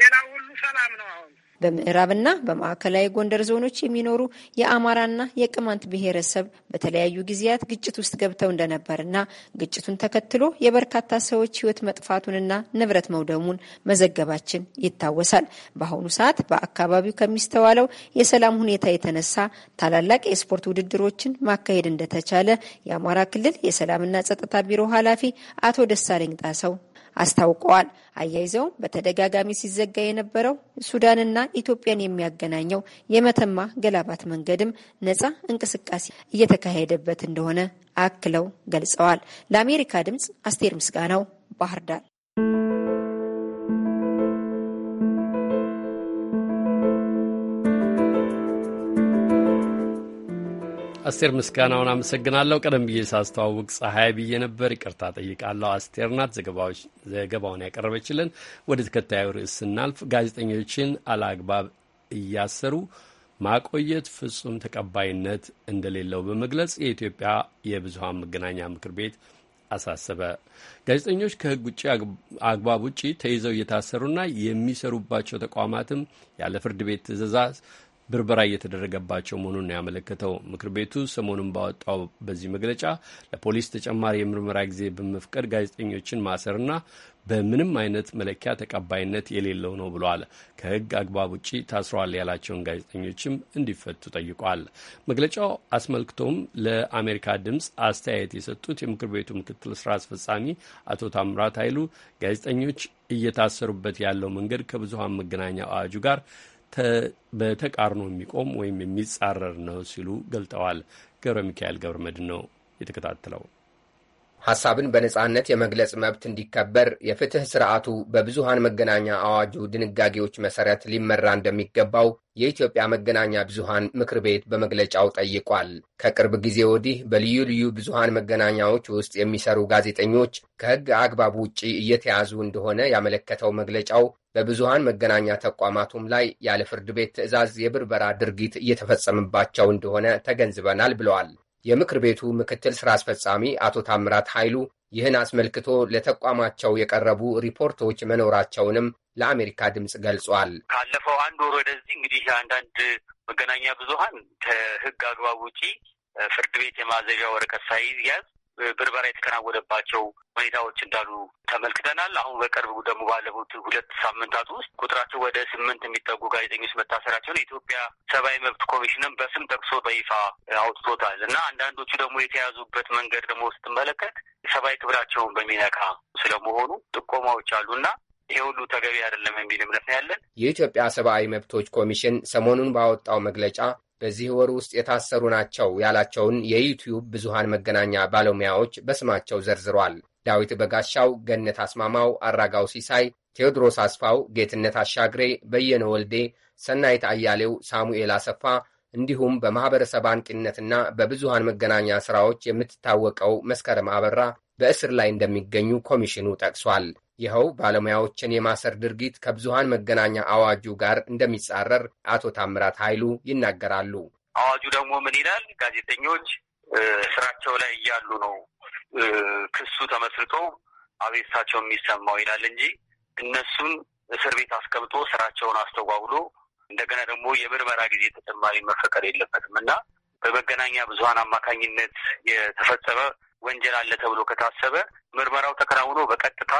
ሌላው ሁሉ ሰላም ነው አሁን በምዕራብና በማዕከላዊ ጎንደር ዞኖች የሚኖሩ የአማራና የቅማንት ብሔረሰብ በተለያዩ ጊዜያት ግጭት ውስጥ ገብተው እንደነበርና ግጭቱን ተከትሎ የበርካታ ሰዎች ሕይወት መጥፋቱንና ንብረት መውደሙን መዘገባችን ይታወሳል። በአሁኑ ሰዓት በአካባቢው ከሚስተዋለው የሰላም ሁኔታ የተነሳ ታላላቅ የስፖርት ውድድሮችን ማካሄድ እንደተቻለ የአማራ ክልል የሰላምና ጸጥታ ቢሮ ኃላፊ አቶ ደሳለኝ ጣሰው አስታውቀዋል። አያይዘውም በተደጋጋሚ ሲዘጋ የነበረው ሱዳንና ኢትዮጵያን የሚያገናኘው የመተማ ገላባት መንገድም ነጻ እንቅስቃሴ እየተካሄደበት እንደሆነ አክለው ገልጸዋል። ለአሜሪካ ድምጽ አስቴር ምስጋናው ባህር ዳር አስቴር ምስጋናውን አመሰግናለሁ። ቀደም ብዬ ሳስተዋውቅ ፀሐይ ብዬ ነበር፣ ይቅርታ ጠይቃለሁ። አስቴር ናት ዘገባውን ያቀረበችልን። ወደ ተከታዩ ርዕስ ስናልፍ ጋዜጠኞችን አላግባብ እያሰሩ ማቆየት ፍጹም ተቀባይነት እንደሌለው በመግለጽ የኢትዮጵያ የብዙሀን መገናኛ ምክር ቤት አሳሰበ። ጋዜጠኞች ከሕግ ውጭ አግባብ ውጭ ተይዘው እየታሰሩና የሚሰሩባቸው ተቋማትም ያለ ፍርድ ቤት ትዕዛዝ ብርበራ እየተደረገባቸው መሆኑን ነው ያመለከተው። ምክር ቤቱ ሰሞኑን ባወጣው በዚህ መግለጫ ለፖሊስ ተጨማሪ የምርመራ ጊዜ በመፍቀድ ጋዜጠኞችን ማሰርና በምንም አይነት መለኪያ ተቀባይነት የሌለው ነው ብሏል። ከሕግ አግባብ ውጪ ታስረዋል ያላቸውን ጋዜጠኞችም እንዲፈቱ ጠይቋል። መግለጫው አስመልክቶም ለአሜሪካ ድምፅ አስተያየት የሰጡት የምክር ቤቱ ምክትል ስራ አስፈጻሚ አቶ ታምራት ኃይሉ ጋዜጠኞች እየታሰሩበት ያለው መንገድ ከብዙሀን መገናኛ አዋጁ ጋር በተቃርኖ የሚቆም ወይም የሚጻረር ነው ሲሉ ገልጠዋል። ገብረ ሚካኤል ገብረ መድን ነው የተከታተለው። ሐሳብን በነጻነት የመግለጽ መብት እንዲከበር የፍትሕ ስርዓቱ በብዙሃን መገናኛ አዋጁ ድንጋጌዎች መሠረት ሊመራ እንደሚገባው የኢትዮጵያ መገናኛ ብዙሃን ምክር ቤት በመግለጫው ጠይቋል። ከቅርብ ጊዜ ወዲህ በልዩ ልዩ ብዙሃን መገናኛዎች ውስጥ የሚሰሩ ጋዜጠኞች ከሕግ አግባብ ውጪ እየተያዙ እንደሆነ ያመለከተው መግለጫው በብዙሃን መገናኛ ተቋማቱም ላይ ያለ ፍርድ ቤት ትዕዛዝ የብርበራ ድርጊት እየተፈጸመባቸው እንደሆነ ተገንዝበናል ብለዋል። የምክር ቤቱ ምክትል ስራ አስፈጻሚ አቶ ታምራት ኃይሉ ይህን አስመልክቶ ለተቋማቸው የቀረቡ ሪፖርቶች መኖራቸውንም ለአሜሪካ ድምፅ ገልጿል። ካለፈው አንድ ወር ወደዚህ እንግዲህ አንዳንድ መገናኛ ብዙሃን ከህግ አግባብ ውጪ ፍርድ ቤት የማዘዣ ወረቀት ሳይያዝ ብርበራ የተከናወነባቸው ሁኔታዎች እንዳሉ ተመልክተናል። አሁን በቅርብ ደግሞ ባለፉት ሁለት ሳምንታት ውስጥ ቁጥራቸው ወደ ስምንት የሚጠጉ ጋዜጠኞች መታሰራቸውን የኢትዮጵያ ሰብአዊ መብት ኮሚሽንም በስም ጠቅሶ በይፋ አውጥቶታል እና አንዳንዶቹ ደግሞ የተያዙበት መንገድ ደግሞ ስትመለከት ሰብአዊ ክብራቸውን በሚነካ ስለመሆኑ ጥቆማዎች አሉ እና ይህ ሁሉ ተገቢ አይደለም የሚል እምነት ነው ያለን። የኢትዮጵያ ሰብአዊ መብቶች ኮሚሽን ሰሞኑን ባወጣው መግለጫ በዚህ ወር ውስጥ የታሰሩ ናቸው ያላቸውን የዩቲዩብ ብዙሃን መገናኛ ባለሙያዎች በስማቸው ዘርዝሯል። ዳዊት በጋሻው፣ ገነት አስማማው፣ አራጋው ሲሳይ፣ ቴዎድሮስ አስፋው፣ ጌትነት አሻግሬ፣ በየነ ወልዴ፣ ሰናይት አያሌው፣ ሳሙኤል አሰፋ እንዲሁም በማኅበረሰብ አንቂነትና በብዙሃን መገናኛ ሥራዎች የምትታወቀው መስከረም አበራ በእስር ላይ እንደሚገኙ ኮሚሽኑ ጠቅሷል። ይኸው ባለሙያዎችን የማሰር ድርጊት ከብዙሃን መገናኛ አዋጁ ጋር እንደሚጻረር አቶ ታምራት ኃይሉ ይናገራሉ። አዋጁ ደግሞ ምን ይላል? ጋዜጠኞች ስራቸው ላይ እያሉ ነው ክሱ ተመስርቶ አቤታቸው የሚሰማው ይላል እንጂ እነሱን እስር ቤት አስቀምጦ ስራቸውን አስተጓጉሎ እንደገና ደግሞ የምርመራ ጊዜ ተጨማሪ መፈቀድ የለበትም እና በመገናኛ ብዙሀን አማካኝነት የተፈጸመ ወንጀል አለ ተብሎ ከታሰበ ምርመራው ተከናውኖ በቀጥታ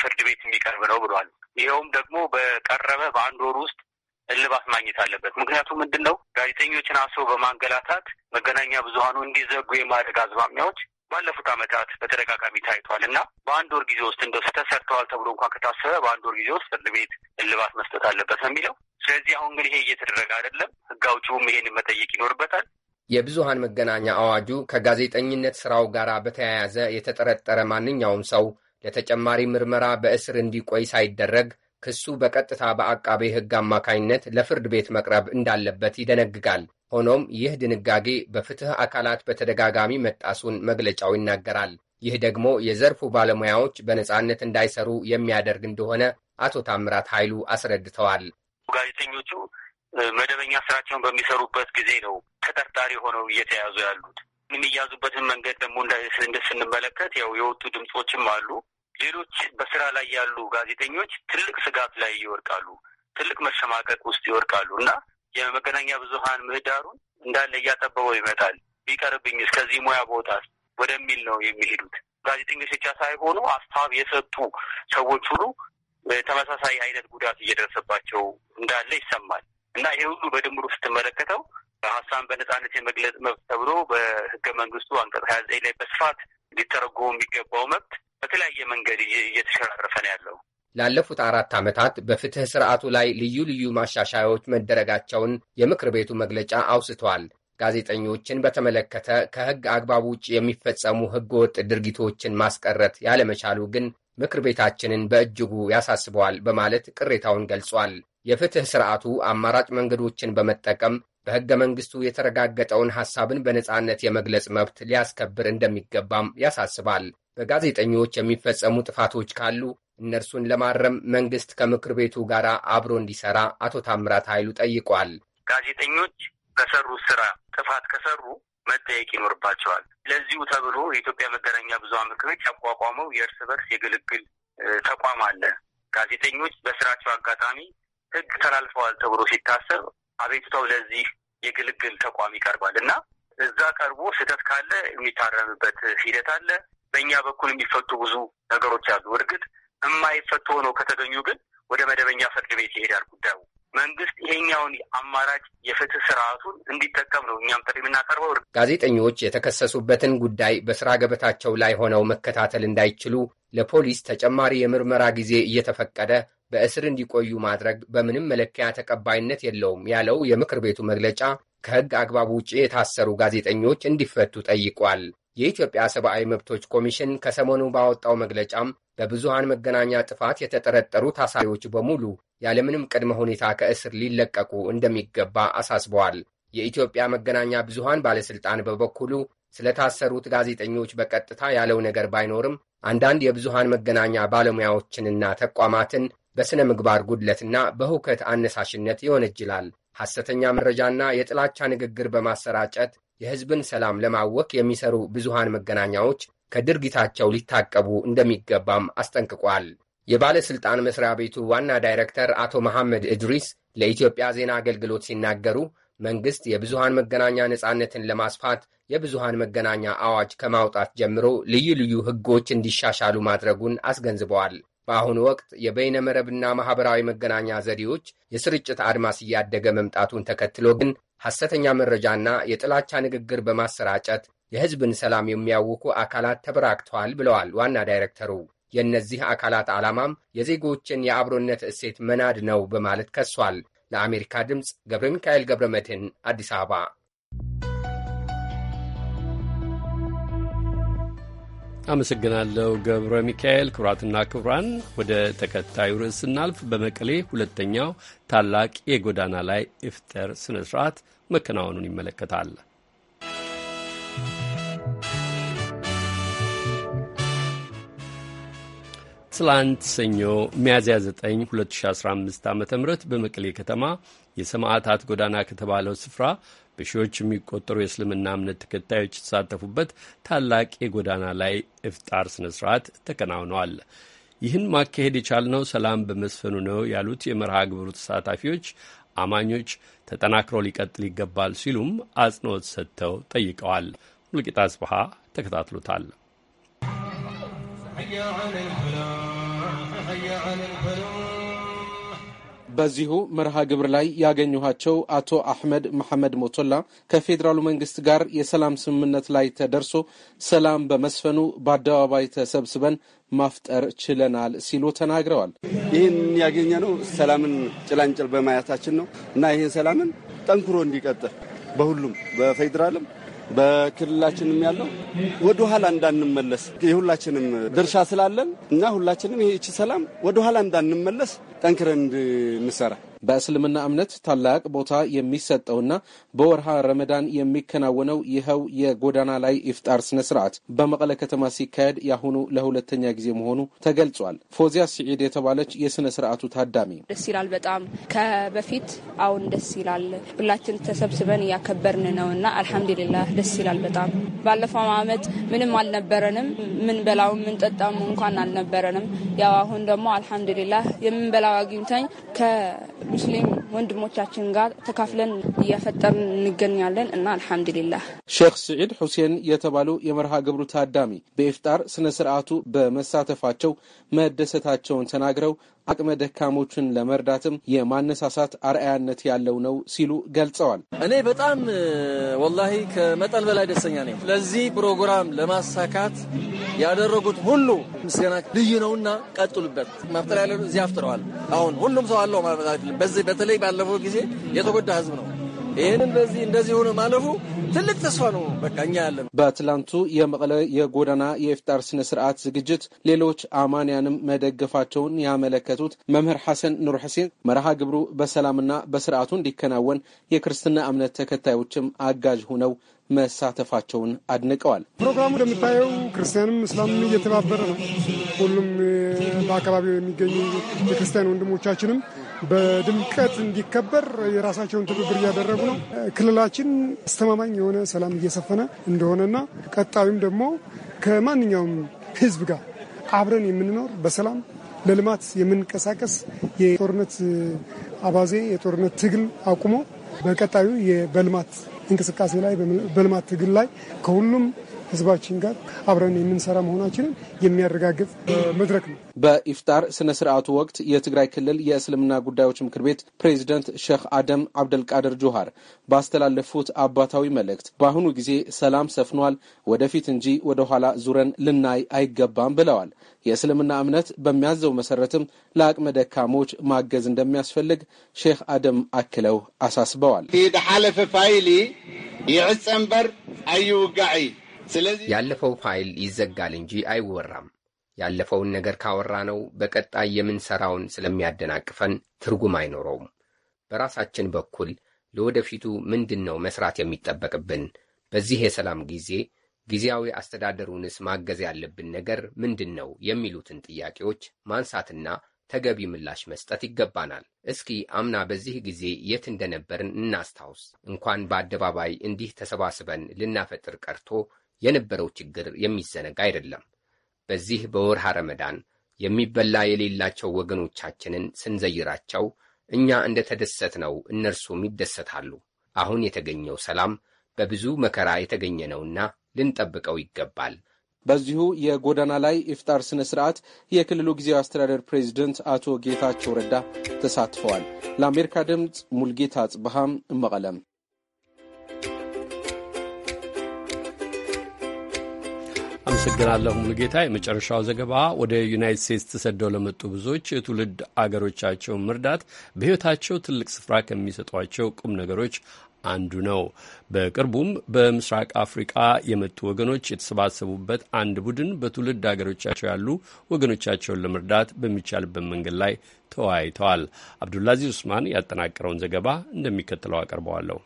ፍርድ ቤት የሚቀርብ ነው ብሏል። ይኸውም ደግሞ በቀረበ በአንድ ወር ውስጥ እልባት ማግኘት አለበት። ምክንያቱም ምንድን ነው ጋዜጠኞችን አስሮ በማንገላታት መገናኛ ብዙሀኑ እንዲዘጉ የማድረግ አዝማሚያዎች ባለፉት ዓመታት በተደጋጋሚ ታይቷል እና በአንድ ወር ጊዜ ውስጥ እንደው ስህተት ሰርተዋል ተብሎ እንኳን ከታሰበ በአንድ ወር ጊዜ ውስጥ ፍርድ ቤት እልባት መስጠት አለበት ነው የሚለው። ስለዚህ አሁን እንግዲህ ይሄ እየተደረገ አይደለም። ሕግ አውጪውም ይሄንን መጠየቅ ይኖርበታል። የብዙሀን መገናኛ አዋጁ ከጋዜጠኝነት ስራው ጋር በተያያዘ የተጠረጠረ ማንኛውም ሰው ለተጨማሪ ምርመራ በእስር እንዲቆይ ሳይደረግ ክሱ በቀጥታ በአቃቤ ሕግ አማካኝነት ለፍርድ ቤት መቅረብ እንዳለበት ይደነግጋል። ሆኖም ይህ ድንጋጌ በፍትህ አካላት በተደጋጋሚ መጣሱን መግለጫው ይናገራል። ይህ ደግሞ የዘርፉ ባለሙያዎች በነጻነት እንዳይሰሩ የሚያደርግ እንደሆነ አቶ ታምራት ኃይሉ አስረድተዋል። ጋዜጠኞቹ መደበኛ ስራቸውን በሚሰሩበት ጊዜ ነው ተጠርጣሪ ሆነው እየተያዙ ያሉት። የሚያዙበትን መንገድ ደግሞ ስንመለከት ያው የወጡ ድምፆችም አሉ ሌሎች በስራ ላይ ያሉ ጋዜጠኞች ትልቅ ስጋት ላይ ይወድቃሉ፣ ትልቅ መሸማቀቅ ውስጥ ይወድቃሉ እና የመገናኛ ብዙሀን ምህዳሩን እንዳለ እያጠበበው ይመጣል። ቢቀርብኝ እስከዚህ ሙያ ቦታ ወደሚል ነው የሚሄዱት። ጋዜጠኞች ብቻ ሳይሆኑ አሳብ የሰጡ ሰዎች ሁሉ ተመሳሳይ አይነት ጉዳት እየደረሰባቸው እንዳለ ይሰማል እና ይሄ ሁሉ በድምሩ ስትመለከተው ሀሳብን በነጻነት የመግለጽ መብት ተብሎ በህገ መንግስቱ አንቀጽ ሀያ ዘጠኝ ላይ በስፋት ሊተረጎሙ የሚገባው መብት በተለያየ መንገድ እየተሸራረፈ ነው ያለው። ላለፉት አራት ዓመታት በፍትህ ስርዓቱ ላይ ልዩ ልዩ ማሻሻያዎች መደረጋቸውን የምክር ቤቱ መግለጫ አውስቷል። ጋዜጠኞችን በተመለከተ ከህግ አግባብ ውጭ የሚፈጸሙ ህገወጥ ድርጊቶችን ማስቀረት ያለመቻሉ ግን ምክር ቤታችንን በእጅጉ ያሳስበዋል በማለት ቅሬታውን ገልጿል። የፍትህ ስርዓቱ አማራጭ መንገዶችን በመጠቀም በህገ መንግስቱ የተረጋገጠውን ሐሳብን በነጻነት የመግለጽ መብት ሊያስከብር እንደሚገባም ያሳስባል። በጋዜጠኞች የሚፈጸሙ ጥፋቶች ካሉ እነርሱን ለማረም መንግስት ከምክር ቤቱ ጋር አብሮ እንዲሰራ አቶ ታምራት ኃይሉ ጠይቋል። ጋዜጠኞች በሰሩት ስራ ጥፋት ከሰሩ መጠየቅ ይኖርባቸዋል። ለዚሁ ተብሎ የኢትዮጵያ መገናኛ ብዙኃን ምክር ቤት ያቋቋመው የእርስ በርስ የግልግል ተቋም አለ። ጋዜጠኞች በስራቸው አጋጣሚ ህግ ተላልፈዋል ተብሎ ሲታሰብ አቤቱታው ለዚህ የግልግል ተቋም ይቀርባል እና እዛ ቀርቦ ስህተት ካለ የሚታረምበት ሂደት አለ። በእኛ በኩል የሚፈቱ ብዙ ነገሮች አሉ። እርግጥ የማይፈቱ ሆነው ከተገኙ ግን ወደ መደበኛ ፍርድ ቤት ይሄዳል ጉዳዩ። መንግስት ይሄኛውን አማራጭ የፍትህ ስርዓቱን እንዲጠቀም ነው እኛም ጥሪ የምናቀርበው። ጋዜጠኞች የተከሰሱበትን ጉዳይ በስራ ገበታቸው ላይ ሆነው መከታተል እንዳይችሉ ለፖሊስ ተጨማሪ የምርመራ ጊዜ እየተፈቀደ በእስር እንዲቆዩ ማድረግ በምንም መለኪያ ተቀባይነት የለውም ያለው የምክር ቤቱ መግለጫ ከህግ አግባብ ውጭ የታሰሩ ጋዜጠኞች እንዲፈቱ ጠይቋል። የኢትዮጵያ ሰብአዊ መብቶች ኮሚሽን ከሰሞኑ ባወጣው መግለጫም በብዙሃን መገናኛ ጥፋት የተጠረጠሩ ታሳሪዎች በሙሉ ያለምንም ቅድመ ሁኔታ ከእስር ሊለቀቁ እንደሚገባ አሳስበዋል። የኢትዮጵያ መገናኛ ብዙሃን ባለሥልጣን በበኩሉ ስለታሰሩት ጋዜጠኞች በቀጥታ ያለው ነገር ባይኖርም አንዳንድ የብዙሃን መገናኛ ባለሙያዎችንና ተቋማትን በሥነ ምግባር ጉድለትና በሁከት አነሳሽነት ይወነጅላል። ሐሰተኛ መረጃና የጥላቻ ንግግር በማሰራጨት የህዝብን ሰላም ለማወክ የሚሰሩ ብዙሃን መገናኛዎች ከድርጊታቸው ሊታቀቡ እንደሚገባም አስጠንቅቋል። የባለሥልጣን መስሪያ ቤቱ ዋና ዳይሬክተር አቶ መሐመድ እድሪስ ለኢትዮጵያ ዜና አገልግሎት ሲናገሩ መንግሥት የብዙሃን መገናኛ ነጻነትን ለማስፋት የብዙሃን መገናኛ አዋጅ ከማውጣት ጀምሮ ልዩ ልዩ ሕጎች እንዲሻሻሉ ማድረጉን አስገንዝበዋል። በአሁኑ ወቅት የበይነ መረብና ማኅበራዊ መገናኛ ዘዴዎች የስርጭት አድማስ እያደገ መምጣቱን ተከትሎ ግን ሐሰተኛ መረጃና የጥላቻ ንግግር በማሰራጨት የሕዝብን ሰላም የሚያውኩ አካላት ተበራክተዋል ብለዋል ዋና ዳይሬክተሩ። የእነዚህ አካላት ዓላማም የዜጎችን የአብሮነት እሴት መናድ ነው በማለት ከሷል። ለአሜሪካ ድምፅ ገብረ ሚካኤል ገብረ መድህን አዲስ አበባ አመሰግናለሁ ገብረ ሚካኤል። ክቡራትና ክቡራን ወደ ተከታዩ ርዕስ ስናልፍ በመቀሌ ሁለተኛው ታላቅ የጎዳና ላይ ኢፍጠር ስነ ስርዓት መከናወኑን ይመለከታል። ትላንት ሰኞ ሚያዝያ 9 2015 ዓ ም በመቀሌ ከተማ የሰማዕታት ጎዳና ከተባለው ስፍራ በሺዎች የሚቆጠሩ የእስልምና እምነት ተከታዮች የተሳተፉበት ታላቅ የጎዳና ላይ እፍጣር ስነ ስርዓት ተከናውነዋል። ይህን ማካሄድ የቻልነው ሰላም በመስፈኑ ነው ያሉት የመርሃ ግብሩ ተሳታፊዎች አማኞች ተጠናክሮ ሊቀጥል ይገባል ሲሉም አጽንኦት ሰጥተው ጠይቀዋል። ሙልቂጣ አጽብሃ ተከታትሎታል። በዚሁ መርሃ ግብር ላይ ያገኘኋቸው አቶ አህመድ መሐመድ ሞቶላ ከፌዴራሉ መንግስት ጋር የሰላም ስምምነት ላይ ተደርሶ ሰላም በመስፈኑ በአደባባይ ተሰብስበን ማፍጠር ችለናል ሲሉ ተናግረዋል። ይህን ያገኘ ነው ሰላምን ጭላንጭል በማየታችን ነው እና ይህን ሰላምን ጠንክሮ እንዲቀጥል በሁሉም በፌዴራልም በክልላችንም ያለው ወደ ኋላ እንዳንመለስ የሁላችንም ድርሻ ስላለን እና ሁላችንም ይህች ሰላም ወደ ኋላ እንዳንመለስ ጠንክረን እንድንሰራ በእስልምና እምነት ታላቅ ቦታ የሚሰጠውና በወርሃ ረመዳን የሚከናወነው ይኸው የጎዳና ላይ ኢፍጣር ስነ ስርዓት በመቀለ ከተማ ሲካሄድ የአሁኑ ለሁለተኛ ጊዜ መሆኑ ተገልጿል። ፎዚያ ስዒድ የተባለች የስነ ስርዓቱ ታዳሚ ደስ ይላል፣ በጣም ከበፊት አሁን ደስ ይላል። ሁላችን ተሰብስበን እያከበርን ነው እና አልሐምዱሊላህ ደስ ይላል በጣም። ባለፈው አመት ምንም አልነበረንም። ምን በላው ምን ጠጣም እንኳን አልነበረንም። ያው አሁን ደግሞ አልሐምዱሊላህ የምንበላው አግኝተኝ ሙስሊም ወንድሞቻችን ጋር ተካፍለን እያፈጠርን እንገኛለን እና አልሐምዱሊላህ። ሼክ ስዒድ ሁሴን የተባሉ የመርሃ ግብሩ ታዳሚ በኢፍጣር ስነ ስርዓቱ በመሳተፋቸው መደሰታቸውን ተናግረው አቅመ ደካሞችን ለመርዳትም የማነሳሳት አርአያነት ያለው ነው ሲሉ ገልጸዋል። እኔ በጣም ወላሂ ከመጠን በላይ ደስተኛ ነኝ። ለዚህ ፕሮግራም ለማሳካት ያደረጉት ሁሉ ምስጋና ልዩ ነውና ቀጥሉበት። ማፍጠር ያለ እዚህ አፍጥረዋል። አሁን ሁሉም ሰው አለው ማለት አይደለም። በዚህ በተለይ ባለፈው ጊዜ የተጎዳ ህዝብ ነው ይህንን በዚህ እንደዚህ ሆነ ማለፉ ትልቅ ተስፋ ነው። በቃ እኛ ያለን በትላንቱ የመቀለ የጎዳና የኢፍጣር ስነ ስርዓት ዝግጅት ሌሎች አማንያንም መደገፋቸውን ያመለከቱት መምህር ሐሰን ኑር ሐሴን መርሃ ግብሩ በሰላምና በስርዓቱ እንዲከናወን የክርስትና እምነት ተከታዮችም አጋዥ ሆነው መሳተፋቸውን አድንቀዋል። ፕሮግራሙ እንደምታየው ክርስቲያንም እስላምም እየተባበረ ነው። ሁሉም በአካባቢው የሚገኙ የክርስቲያን ወንድሞቻችንም በድምቀት እንዲከበር የራሳቸውን ትብብር እያደረጉ ነው። ክልላችን አስተማማኝ የሆነ ሰላም እየሰፈነ እንደሆነና ቀጣዩም ደግሞ ከማንኛውም ህዝብ ጋር አብረን የምንኖር በሰላም ለልማት የምንቀሳቀስ የጦርነት አባዜ የጦርነት ትግል አቁሞ በቀጣዩ በልማት እንቅስቃሴ ላይ በልማት ትግል ላይ ከሁሉም ህዝባችን ጋር አብረን የምንሰራ መሆናችንን የሚያረጋግጥ መድረክ ነው። በኢፍጣር ስነ ስርዓቱ ወቅት የትግራይ ክልል የእስልምና ጉዳዮች ምክር ቤት ፕሬዚደንት ሼክ አደም አብደልቃድር ጆሃር ባስተላለፉት አባታዊ መልእክት በአሁኑ ጊዜ ሰላም ሰፍኗል፣ ወደፊት እንጂ ወደኋላ ዙረን ልናይ አይገባም ብለዋል። የእስልምና እምነት በሚያዘው መሰረትም ለአቅመ ደካሞች ማገዝ እንደሚያስፈልግ ሼክ አደም አክለው አሳስበዋል። ሓለፈ ፋይሊ ይዕፀ እምበር አይውጋዕ ያለፈው ፋይል ይዘጋል እንጂ አይወራም። ያለፈውን ነገር ካወራ ነው በቀጣይ የምንሰራውን ስለሚያደናቅፈን ትርጉም አይኖረውም። በራሳችን በኩል ለወደፊቱ ምንድን ነው መስራት የሚጠበቅብን? በዚህ የሰላም ጊዜ ጊዜያዊ አስተዳደሩንስ ማገዝ ያለብን ነገር ምንድን ነው የሚሉትን ጥያቄዎች ማንሳትና ተገቢ ምላሽ መስጠት ይገባናል። እስኪ አምና በዚህ ጊዜ የት እንደነበርን እናስታውስ። እንኳን በአደባባይ እንዲህ ተሰባስበን ልናፈጥር ቀርቶ የነበረው ችግር የሚዘነጋ አይደለም። በዚህ በወርሃ ረመዳን የሚበላ የሌላቸው ወገኖቻችንን ስንዘይራቸው እኛ እንደ ነው እነርሱም ይደሰታሉ። አሁን የተገኘው ሰላም በብዙ መከራ የተገኘ ነውና ልንጠብቀው ይገባል። በዚሁ የጎዳና ላይ ኢፍጣር ስነ ስርዓት የክልሉ ጊዜያዊ አስተዳደር ፕሬዚደንት አቶ ጌታቸው ረዳ ተሳትፈዋል። ለአሜሪካ ድምፅ ሙልጌታ አጽብሃም እመቀለም አመሰግናለሁ ሙሉጌታ። የመጨረሻው ዘገባ ወደ ዩናይት ስቴትስ ተሰደው ለመጡ ብዙዎች የትውልድ አገሮቻቸውን መርዳት በሕይወታቸው ትልቅ ስፍራ ከሚሰጧቸው ቁም ነገሮች አንዱ ነው። በቅርቡም በምስራቅ አፍሪቃ የመጡ ወገኖች የተሰባሰቡበት አንድ ቡድን በትውልድ አገሮቻቸው ያሉ ወገኖቻቸውን ለመርዳት በሚቻልበት መንገድ ላይ ተወያይተዋል። አብዱላዚዝ ኡስማን ያጠናቀረውን ዘገባ እንደሚከተለው አቀርበዋለሁ።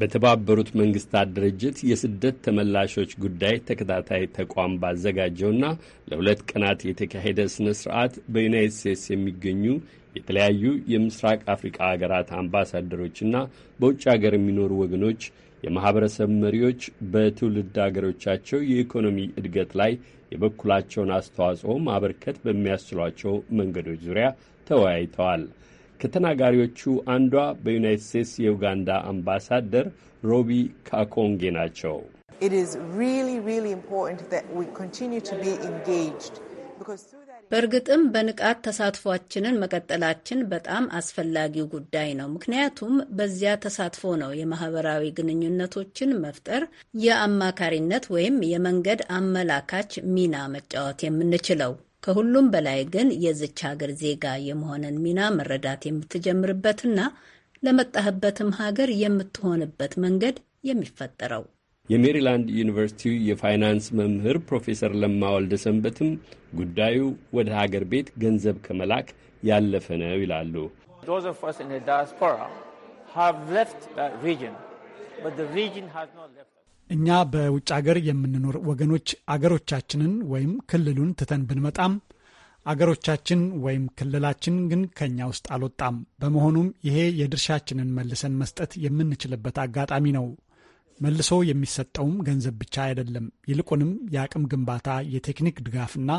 በተባበሩት መንግስታት ድርጅት የስደት ተመላሾች ጉዳይ ተከታታይ ተቋም ባዘጋጀውና ለሁለት ቀናት የተካሄደ ስነ ስርዓት በዩናይት ስቴትስ የሚገኙ የተለያዩ የምስራቅ አፍሪካ ሀገራት አምባሳደሮችና በውጭ ሀገር የሚኖሩ ወገኖች፣ የማህበረሰብ መሪዎች በትውልድ ሀገሮቻቸው የኢኮኖሚ እድገት ላይ የበኩላቸውን አስተዋጽኦ ማበርከት በሚያስችሏቸው መንገዶች ዙሪያ ተወያይተዋል። ከተናጋሪዎቹ አንዷ በዩናይት ስቴትስ የኡጋንዳ አምባሳደር ሮቢ ካኮንጌ ናቸው። በእርግጥም በንቃት ተሳትፏችንን መቀጠላችን በጣም አስፈላጊው ጉዳይ ነው። ምክንያቱም በዚያ ተሳትፎ ነው የማህበራዊ ግንኙነቶችን መፍጠር፣ የአማካሪነት ወይም የመንገድ አመላካች ሚና መጫወት የምንችለው። ከሁሉም በላይ ግን የዝች ሀገር ዜጋ የመሆንን ሚና መረዳት የምትጀምርበትና ለመጣህበትም ሀገር የምትሆንበት መንገድ የሚፈጠረው። የሜሪላንድ ዩኒቨርሲቲው የፋይናንስ መምህር ፕሮፌሰር ለማ ወልደ ሰንበትም ጉዳዩ ወደ ሀገር ቤት ገንዘብ ከመላክ ያለፈ ነው ይላሉ። ዳያስፖራ እኛ በውጭ አገር የምንኖር ወገኖች አገሮቻችንን ወይም ክልሉን ትተን ብንመጣም አገሮቻችን ወይም ክልላችን ግን ከኛ ውስጥ አልወጣም። በመሆኑም ይሄ የድርሻችንን መልሰን መስጠት የምንችልበት አጋጣሚ ነው። መልሶ የሚሰጠውም ገንዘብ ብቻ አይደለም። ይልቁንም የአቅም ግንባታ፣ የቴክኒክ ድጋፍና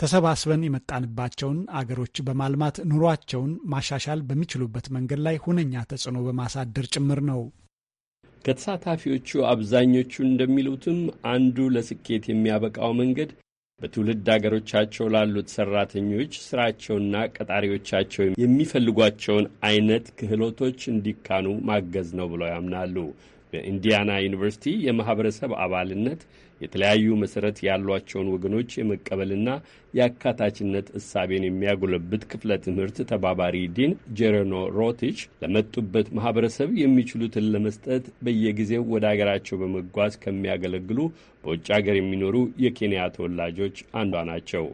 ተሰባስበን የመጣንባቸውን አገሮች በማልማት ኑሯቸውን ማሻሻል በሚችሉበት መንገድ ላይ ሁነኛ ተጽዕኖ በማሳደር ጭምር ነው። ከተሳታፊዎቹ አብዛኞቹ እንደሚሉትም አንዱ ለስኬት የሚያበቃው መንገድ በትውልድ አገሮቻቸው ላሉት ሰራተኞች ስራቸውና ቀጣሪዎቻቸው የሚፈልጓቸውን አይነት ክህሎቶች እንዲካኑ ማገዝ ነው ብለው ያምናሉ። በኢንዲያና ዩኒቨርሲቲ የማህበረሰብ አባልነት የተለያዩ መሰረት ያሏቸውን ወገኖች የመቀበልና የአካታችነት እሳቤን የሚያጎለብት ክፍለ ትምህርት ተባባሪ ዲን ጀረኖ ሮቲች ለመጡበት ማህበረሰብ የሚችሉትን ለመስጠት በየጊዜው ወደ አገራቸው በመጓዝ ከሚያገለግሉ በውጭ አገር የሚኖሩ የኬንያ ተወላጆች አንዷ ናቸው።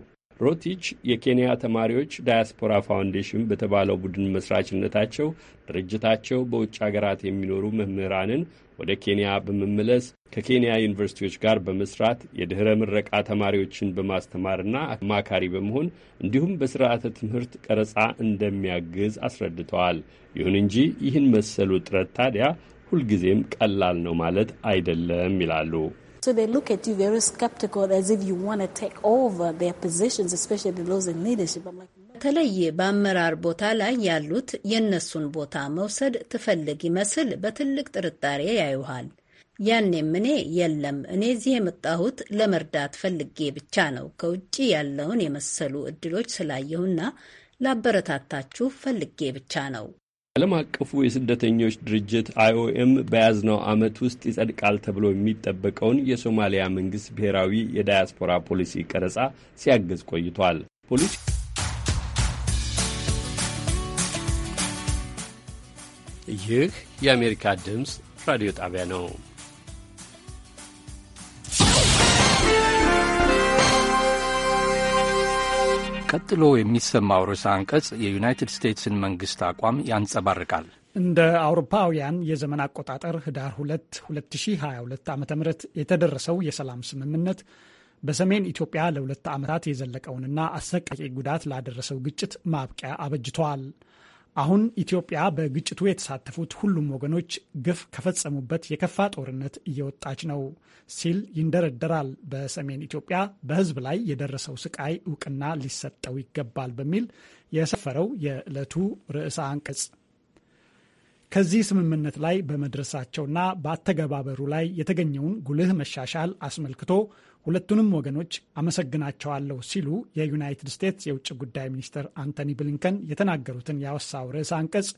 ሮቲች የኬንያ ተማሪዎች ዳያስፖራ ፋውንዴሽን በተባለው ቡድን መስራችነታቸው ድርጅታቸው በውጭ ሀገራት የሚኖሩ መምህራንን ወደ ኬንያ በመመለስ ከኬንያ ዩኒቨርሲቲዎች ጋር በመስራት የድኅረ ምረቃ ተማሪዎችን በማስተማርና አማካሪ በመሆን እንዲሁም በስርዓተ ትምህርት ቀረጻ እንደሚያግዝ አስረድተዋል። ይሁን እንጂ ይህን መሰሉ ጥረት ታዲያ ሁልጊዜም ቀላል ነው ማለት አይደለም ይላሉ። So they look at you very skeptical as if you want to take over their positions, especially those in leadership. I'm like, በተለይ በአመራር ቦታ ላይ ያሉት የእነሱን ቦታ መውሰድ ትፈልግ ይመስል በትልቅ ጥርጣሬ ያዩሃል። ያኔም እኔ የለም እኔ እዚህ የመጣሁት ለመርዳት ፈልጌ ብቻ ነው፣ ከውጭ ያለውን የመሰሉ እድሎች ስላየሁና ላበረታታችሁ ፈልጌ ብቻ ነው ዓለም አቀፉ የስደተኞች ድርጅት አይኦኤም በያዝነው ዓመት ውስጥ ይጸድቃል ተብሎ የሚጠበቀውን የሶማሊያ መንግስት ብሔራዊ የዳያስፖራ ፖሊሲ ቀረጻ ሲያግዝ ቆይቷል። ይህ የአሜሪካ ድምፅ ራዲዮ ጣቢያ ነው። ቀጥሎ የሚሰማው ርዕሰ አንቀጽ የዩናይትድ ስቴትስን መንግስት አቋም ያንጸባርቃል። እንደ አውሮፓውያን የዘመን አቆጣጠር ህዳር 2 2022 ዓ ም የተደረሰው የሰላም ስምምነት በሰሜን ኢትዮጵያ ለሁለት ዓመታት የዘለቀውንና አሰቃቂ ጉዳት ላደረሰው ግጭት ማብቂያ አበጅተዋል። አሁን ኢትዮጵያ በግጭቱ የተሳተፉት ሁሉም ወገኖች ግፍ ከፈጸሙበት የከፋ ጦርነት እየወጣች ነው ሲል ይንደረደራል። በሰሜን ኢትዮጵያ በሕዝብ ላይ የደረሰው ስቃይ እውቅና ሊሰጠው ይገባል በሚል የሰፈረው የዕለቱ ርዕሰ አንቀጽ ከዚህ ስምምነት ላይ በመድረሳቸውና በአተገባበሩ ላይ የተገኘውን ጉልህ መሻሻል አስመልክቶ ሁለቱንም ወገኖች አመሰግናቸዋለሁ ሲሉ የዩናይትድ ስቴትስ የውጭ ጉዳይ ሚኒስትር አንቶኒ ብሊንከን የተናገሩትን ያወሳው ርዕስ አንቀጽ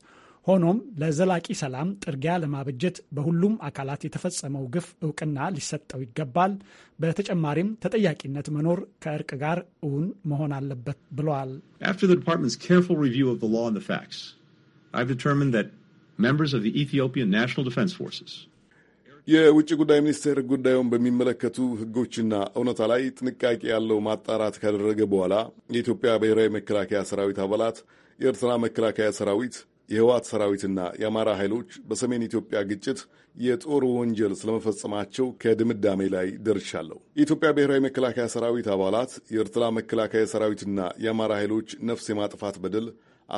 ሆኖም ለዘላቂ ሰላም ጥርጊያ ለማበጀት በሁሉም አካላት የተፈጸመው ግፍ እውቅና ሊሰጠው ይገባል፣ በተጨማሪም ተጠያቂነት መኖር ከእርቅ ጋር እውን መሆን አለበት ብለዋል። የውጭ ጉዳይ ሚኒስቴር ጉዳዩን በሚመለከቱ ህጎችና እውነታ ላይ ጥንቃቄ ያለው ማጣራት ካደረገ በኋላ የኢትዮጵያ ብሔራዊ መከላከያ ሰራዊት አባላት፣ የኤርትራ መከላከያ ሰራዊት፣ የህዋት ሰራዊትና የአማራ ኃይሎች በሰሜን ኢትዮጵያ ግጭት የጦር ወንጀል ስለመፈጸማቸው ከድምዳሜ ላይ ደርሻለሁ። የኢትዮጵያ ብሔራዊ መከላከያ ሰራዊት አባላት፣ የኤርትራ መከላከያ ሰራዊትና የአማራ ኃይሎች ነፍስ የማጥፋት በደል፣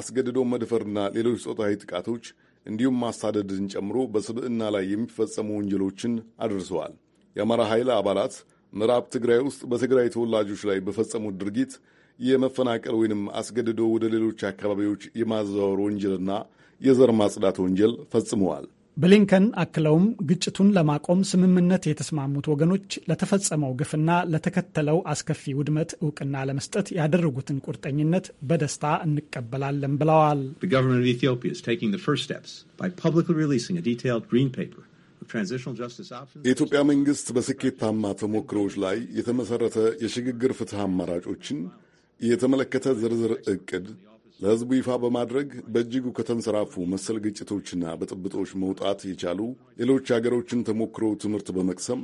አስገድዶ መድፈርና ሌሎች ጾታዊ ጥቃቶች እንዲሁም ማሳደድን ጨምሮ በስብዕና ላይ የሚፈጸሙ ወንጀሎችን አድርሰዋል። የአማራ ኃይል አባላት ምዕራብ ትግራይ ውስጥ በትግራይ ተወላጆች ላይ በፈጸሙት ድርጊት የመፈናቀል ወይንም አስገድዶ ወደ ሌሎች አካባቢዎች የማዘዋወር ወንጀልና የዘር ማጽዳት ወንጀል ፈጽመዋል። ብሊንከን አክለውም ግጭቱን ለማቆም ስምምነት የተስማሙት ወገኖች ለተፈጸመው ግፍና ለተከተለው አስከፊ ውድመት እውቅና ለመስጠት ያደረጉትን ቁርጠኝነት በደስታ እንቀበላለን ብለዋል። የኢትዮጵያ መንግሥት በስኬታማ ተሞክሮዎች ላይ የተመሠረተ የሽግግር ፍትህ አማራጮችን የተመለከተ ዝርዝር ዕቅድ ለህዝቡ ይፋ በማድረግ በእጅጉ ከተንሰራፉ መሰል ግጭቶችና ብጥብጦች መውጣት የቻሉ ሌሎች አገሮችን ተሞክሮ ትምህርት በመቅሰም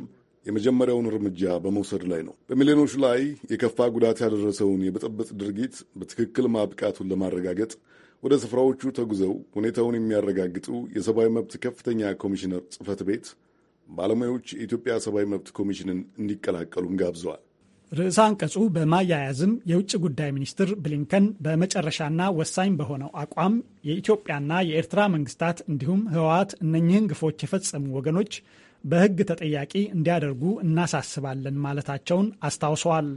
የመጀመሪያውን እርምጃ በመውሰድ ላይ ነው። በሚሊዮኖች ላይ የከፋ ጉዳት ያደረሰውን የብጥብጥ ድርጊት በትክክል ማብቃቱን ለማረጋገጥ ወደ ስፍራዎቹ ተጉዘው ሁኔታውን የሚያረጋግጡ የሰብአዊ መብት ከፍተኛ ኮሚሽነር ጽህፈት ቤት ባለሙያዎች የኢትዮጵያ ሰብአዊ መብት ኮሚሽንን እንዲቀላቀሉም ጋብዘዋል። ርዕሰ አንቀጹ በማያያዝም የውጭ ጉዳይ ሚኒስትር ብሊንከን በመጨረሻና ወሳኝ በሆነው አቋም የኢትዮጵያና የኤርትራ መንግስታት እንዲሁም ህወሓት እነኚህን ግፎች የፈጸሙ ወገኖች በህግ ተጠያቂ እንዲያደርጉ እናሳስባለን ማለታቸውን አስታውሰዋል።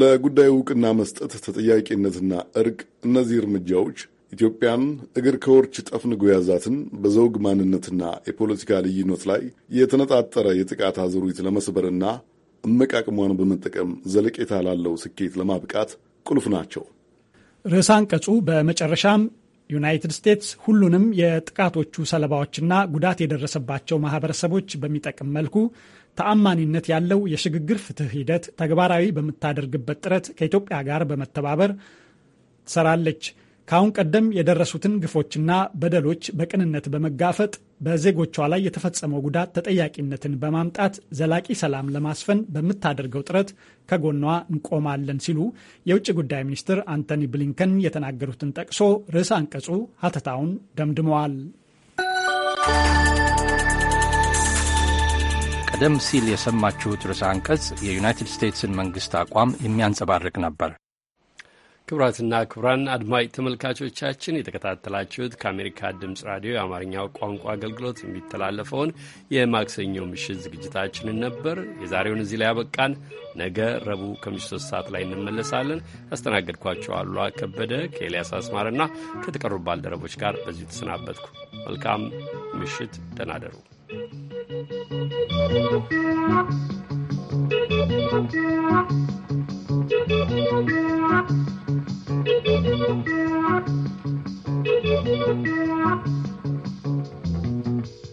ለጉዳዩ እውቅና መስጠት፣ ተጠያቂነትና እርቅ፣ እነዚህ እርምጃዎች ኢትዮጵያን እግር ከወርች ጠፍንጎ ያዛትን በዘውግ ማንነትና የፖለቲካ ልዩነት ላይ የተነጣጠረ የጥቃት አዙሪት ለመስበርና እምቅ በመጠቀም ዘለቄታ ላለው ስኬት ለማብቃት ቁልፍ ናቸው። ርዕሰ አንቀጹ በመጨረሻም ዩናይትድ ስቴትስ ሁሉንም የጥቃቶቹ ሰለባዎችና ጉዳት የደረሰባቸው ማህበረሰቦች በሚጠቅም መልኩ ተአማኒነት ያለው የሽግግር ፍትህ ሂደት ተግባራዊ በምታደርግበት ጥረት ከኢትዮጵያ ጋር በመተባበር ትሰራለች። ከአሁን ቀደም የደረሱትን ግፎችና በደሎች በቅንነት በመጋፈጥ በዜጎቿ ላይ የተፈጸመው ጉዳት ተጠያቂነትን በማምጣት ዘላቂ ሰላም ለማስፈን በምታደርገው ጥረት ከጎኗ እንቆማለን ሲሉ የውጭ ጉዳይ ሚኒስትር አንቶኒ ብሊንከን የተናገሩትን ጠቅሶ ርዕስ አንቀጹ ሀተታውን ደምድመዋል። ቀደም ሲል የሰማችሁት ርዕሰ አንቀጽ የዩናይትድ ስቴትስን መንግስት አቋም የሚያንጸባርቅ ነበር። ክቡራትና ክቡራን አድማጭ ተመልካቾቻችን የተከታተላችሁት ከአሜሪካ ድምፅ ራዲዮ የአማርኛው ቋንቋ አገልግሎት የሚተላለፈውን የማክሰኞ ምሽት ዝግጅታችንን ነበር። የዛሬውን እዚህ ላይ ያበቃን። ነገ ረቡዕ ከምሽቱ ሶስት ሰዓት ላይ እንመለሳለን። ያስተናገድኳቸው አሉ ከበደ ከኤልያስ አስማርና ከተቀሩ ባልደረቦች ጋር በዚሁ ተሰናበትኩ። መልካም ምሽት፣ ደህና you. Thank you.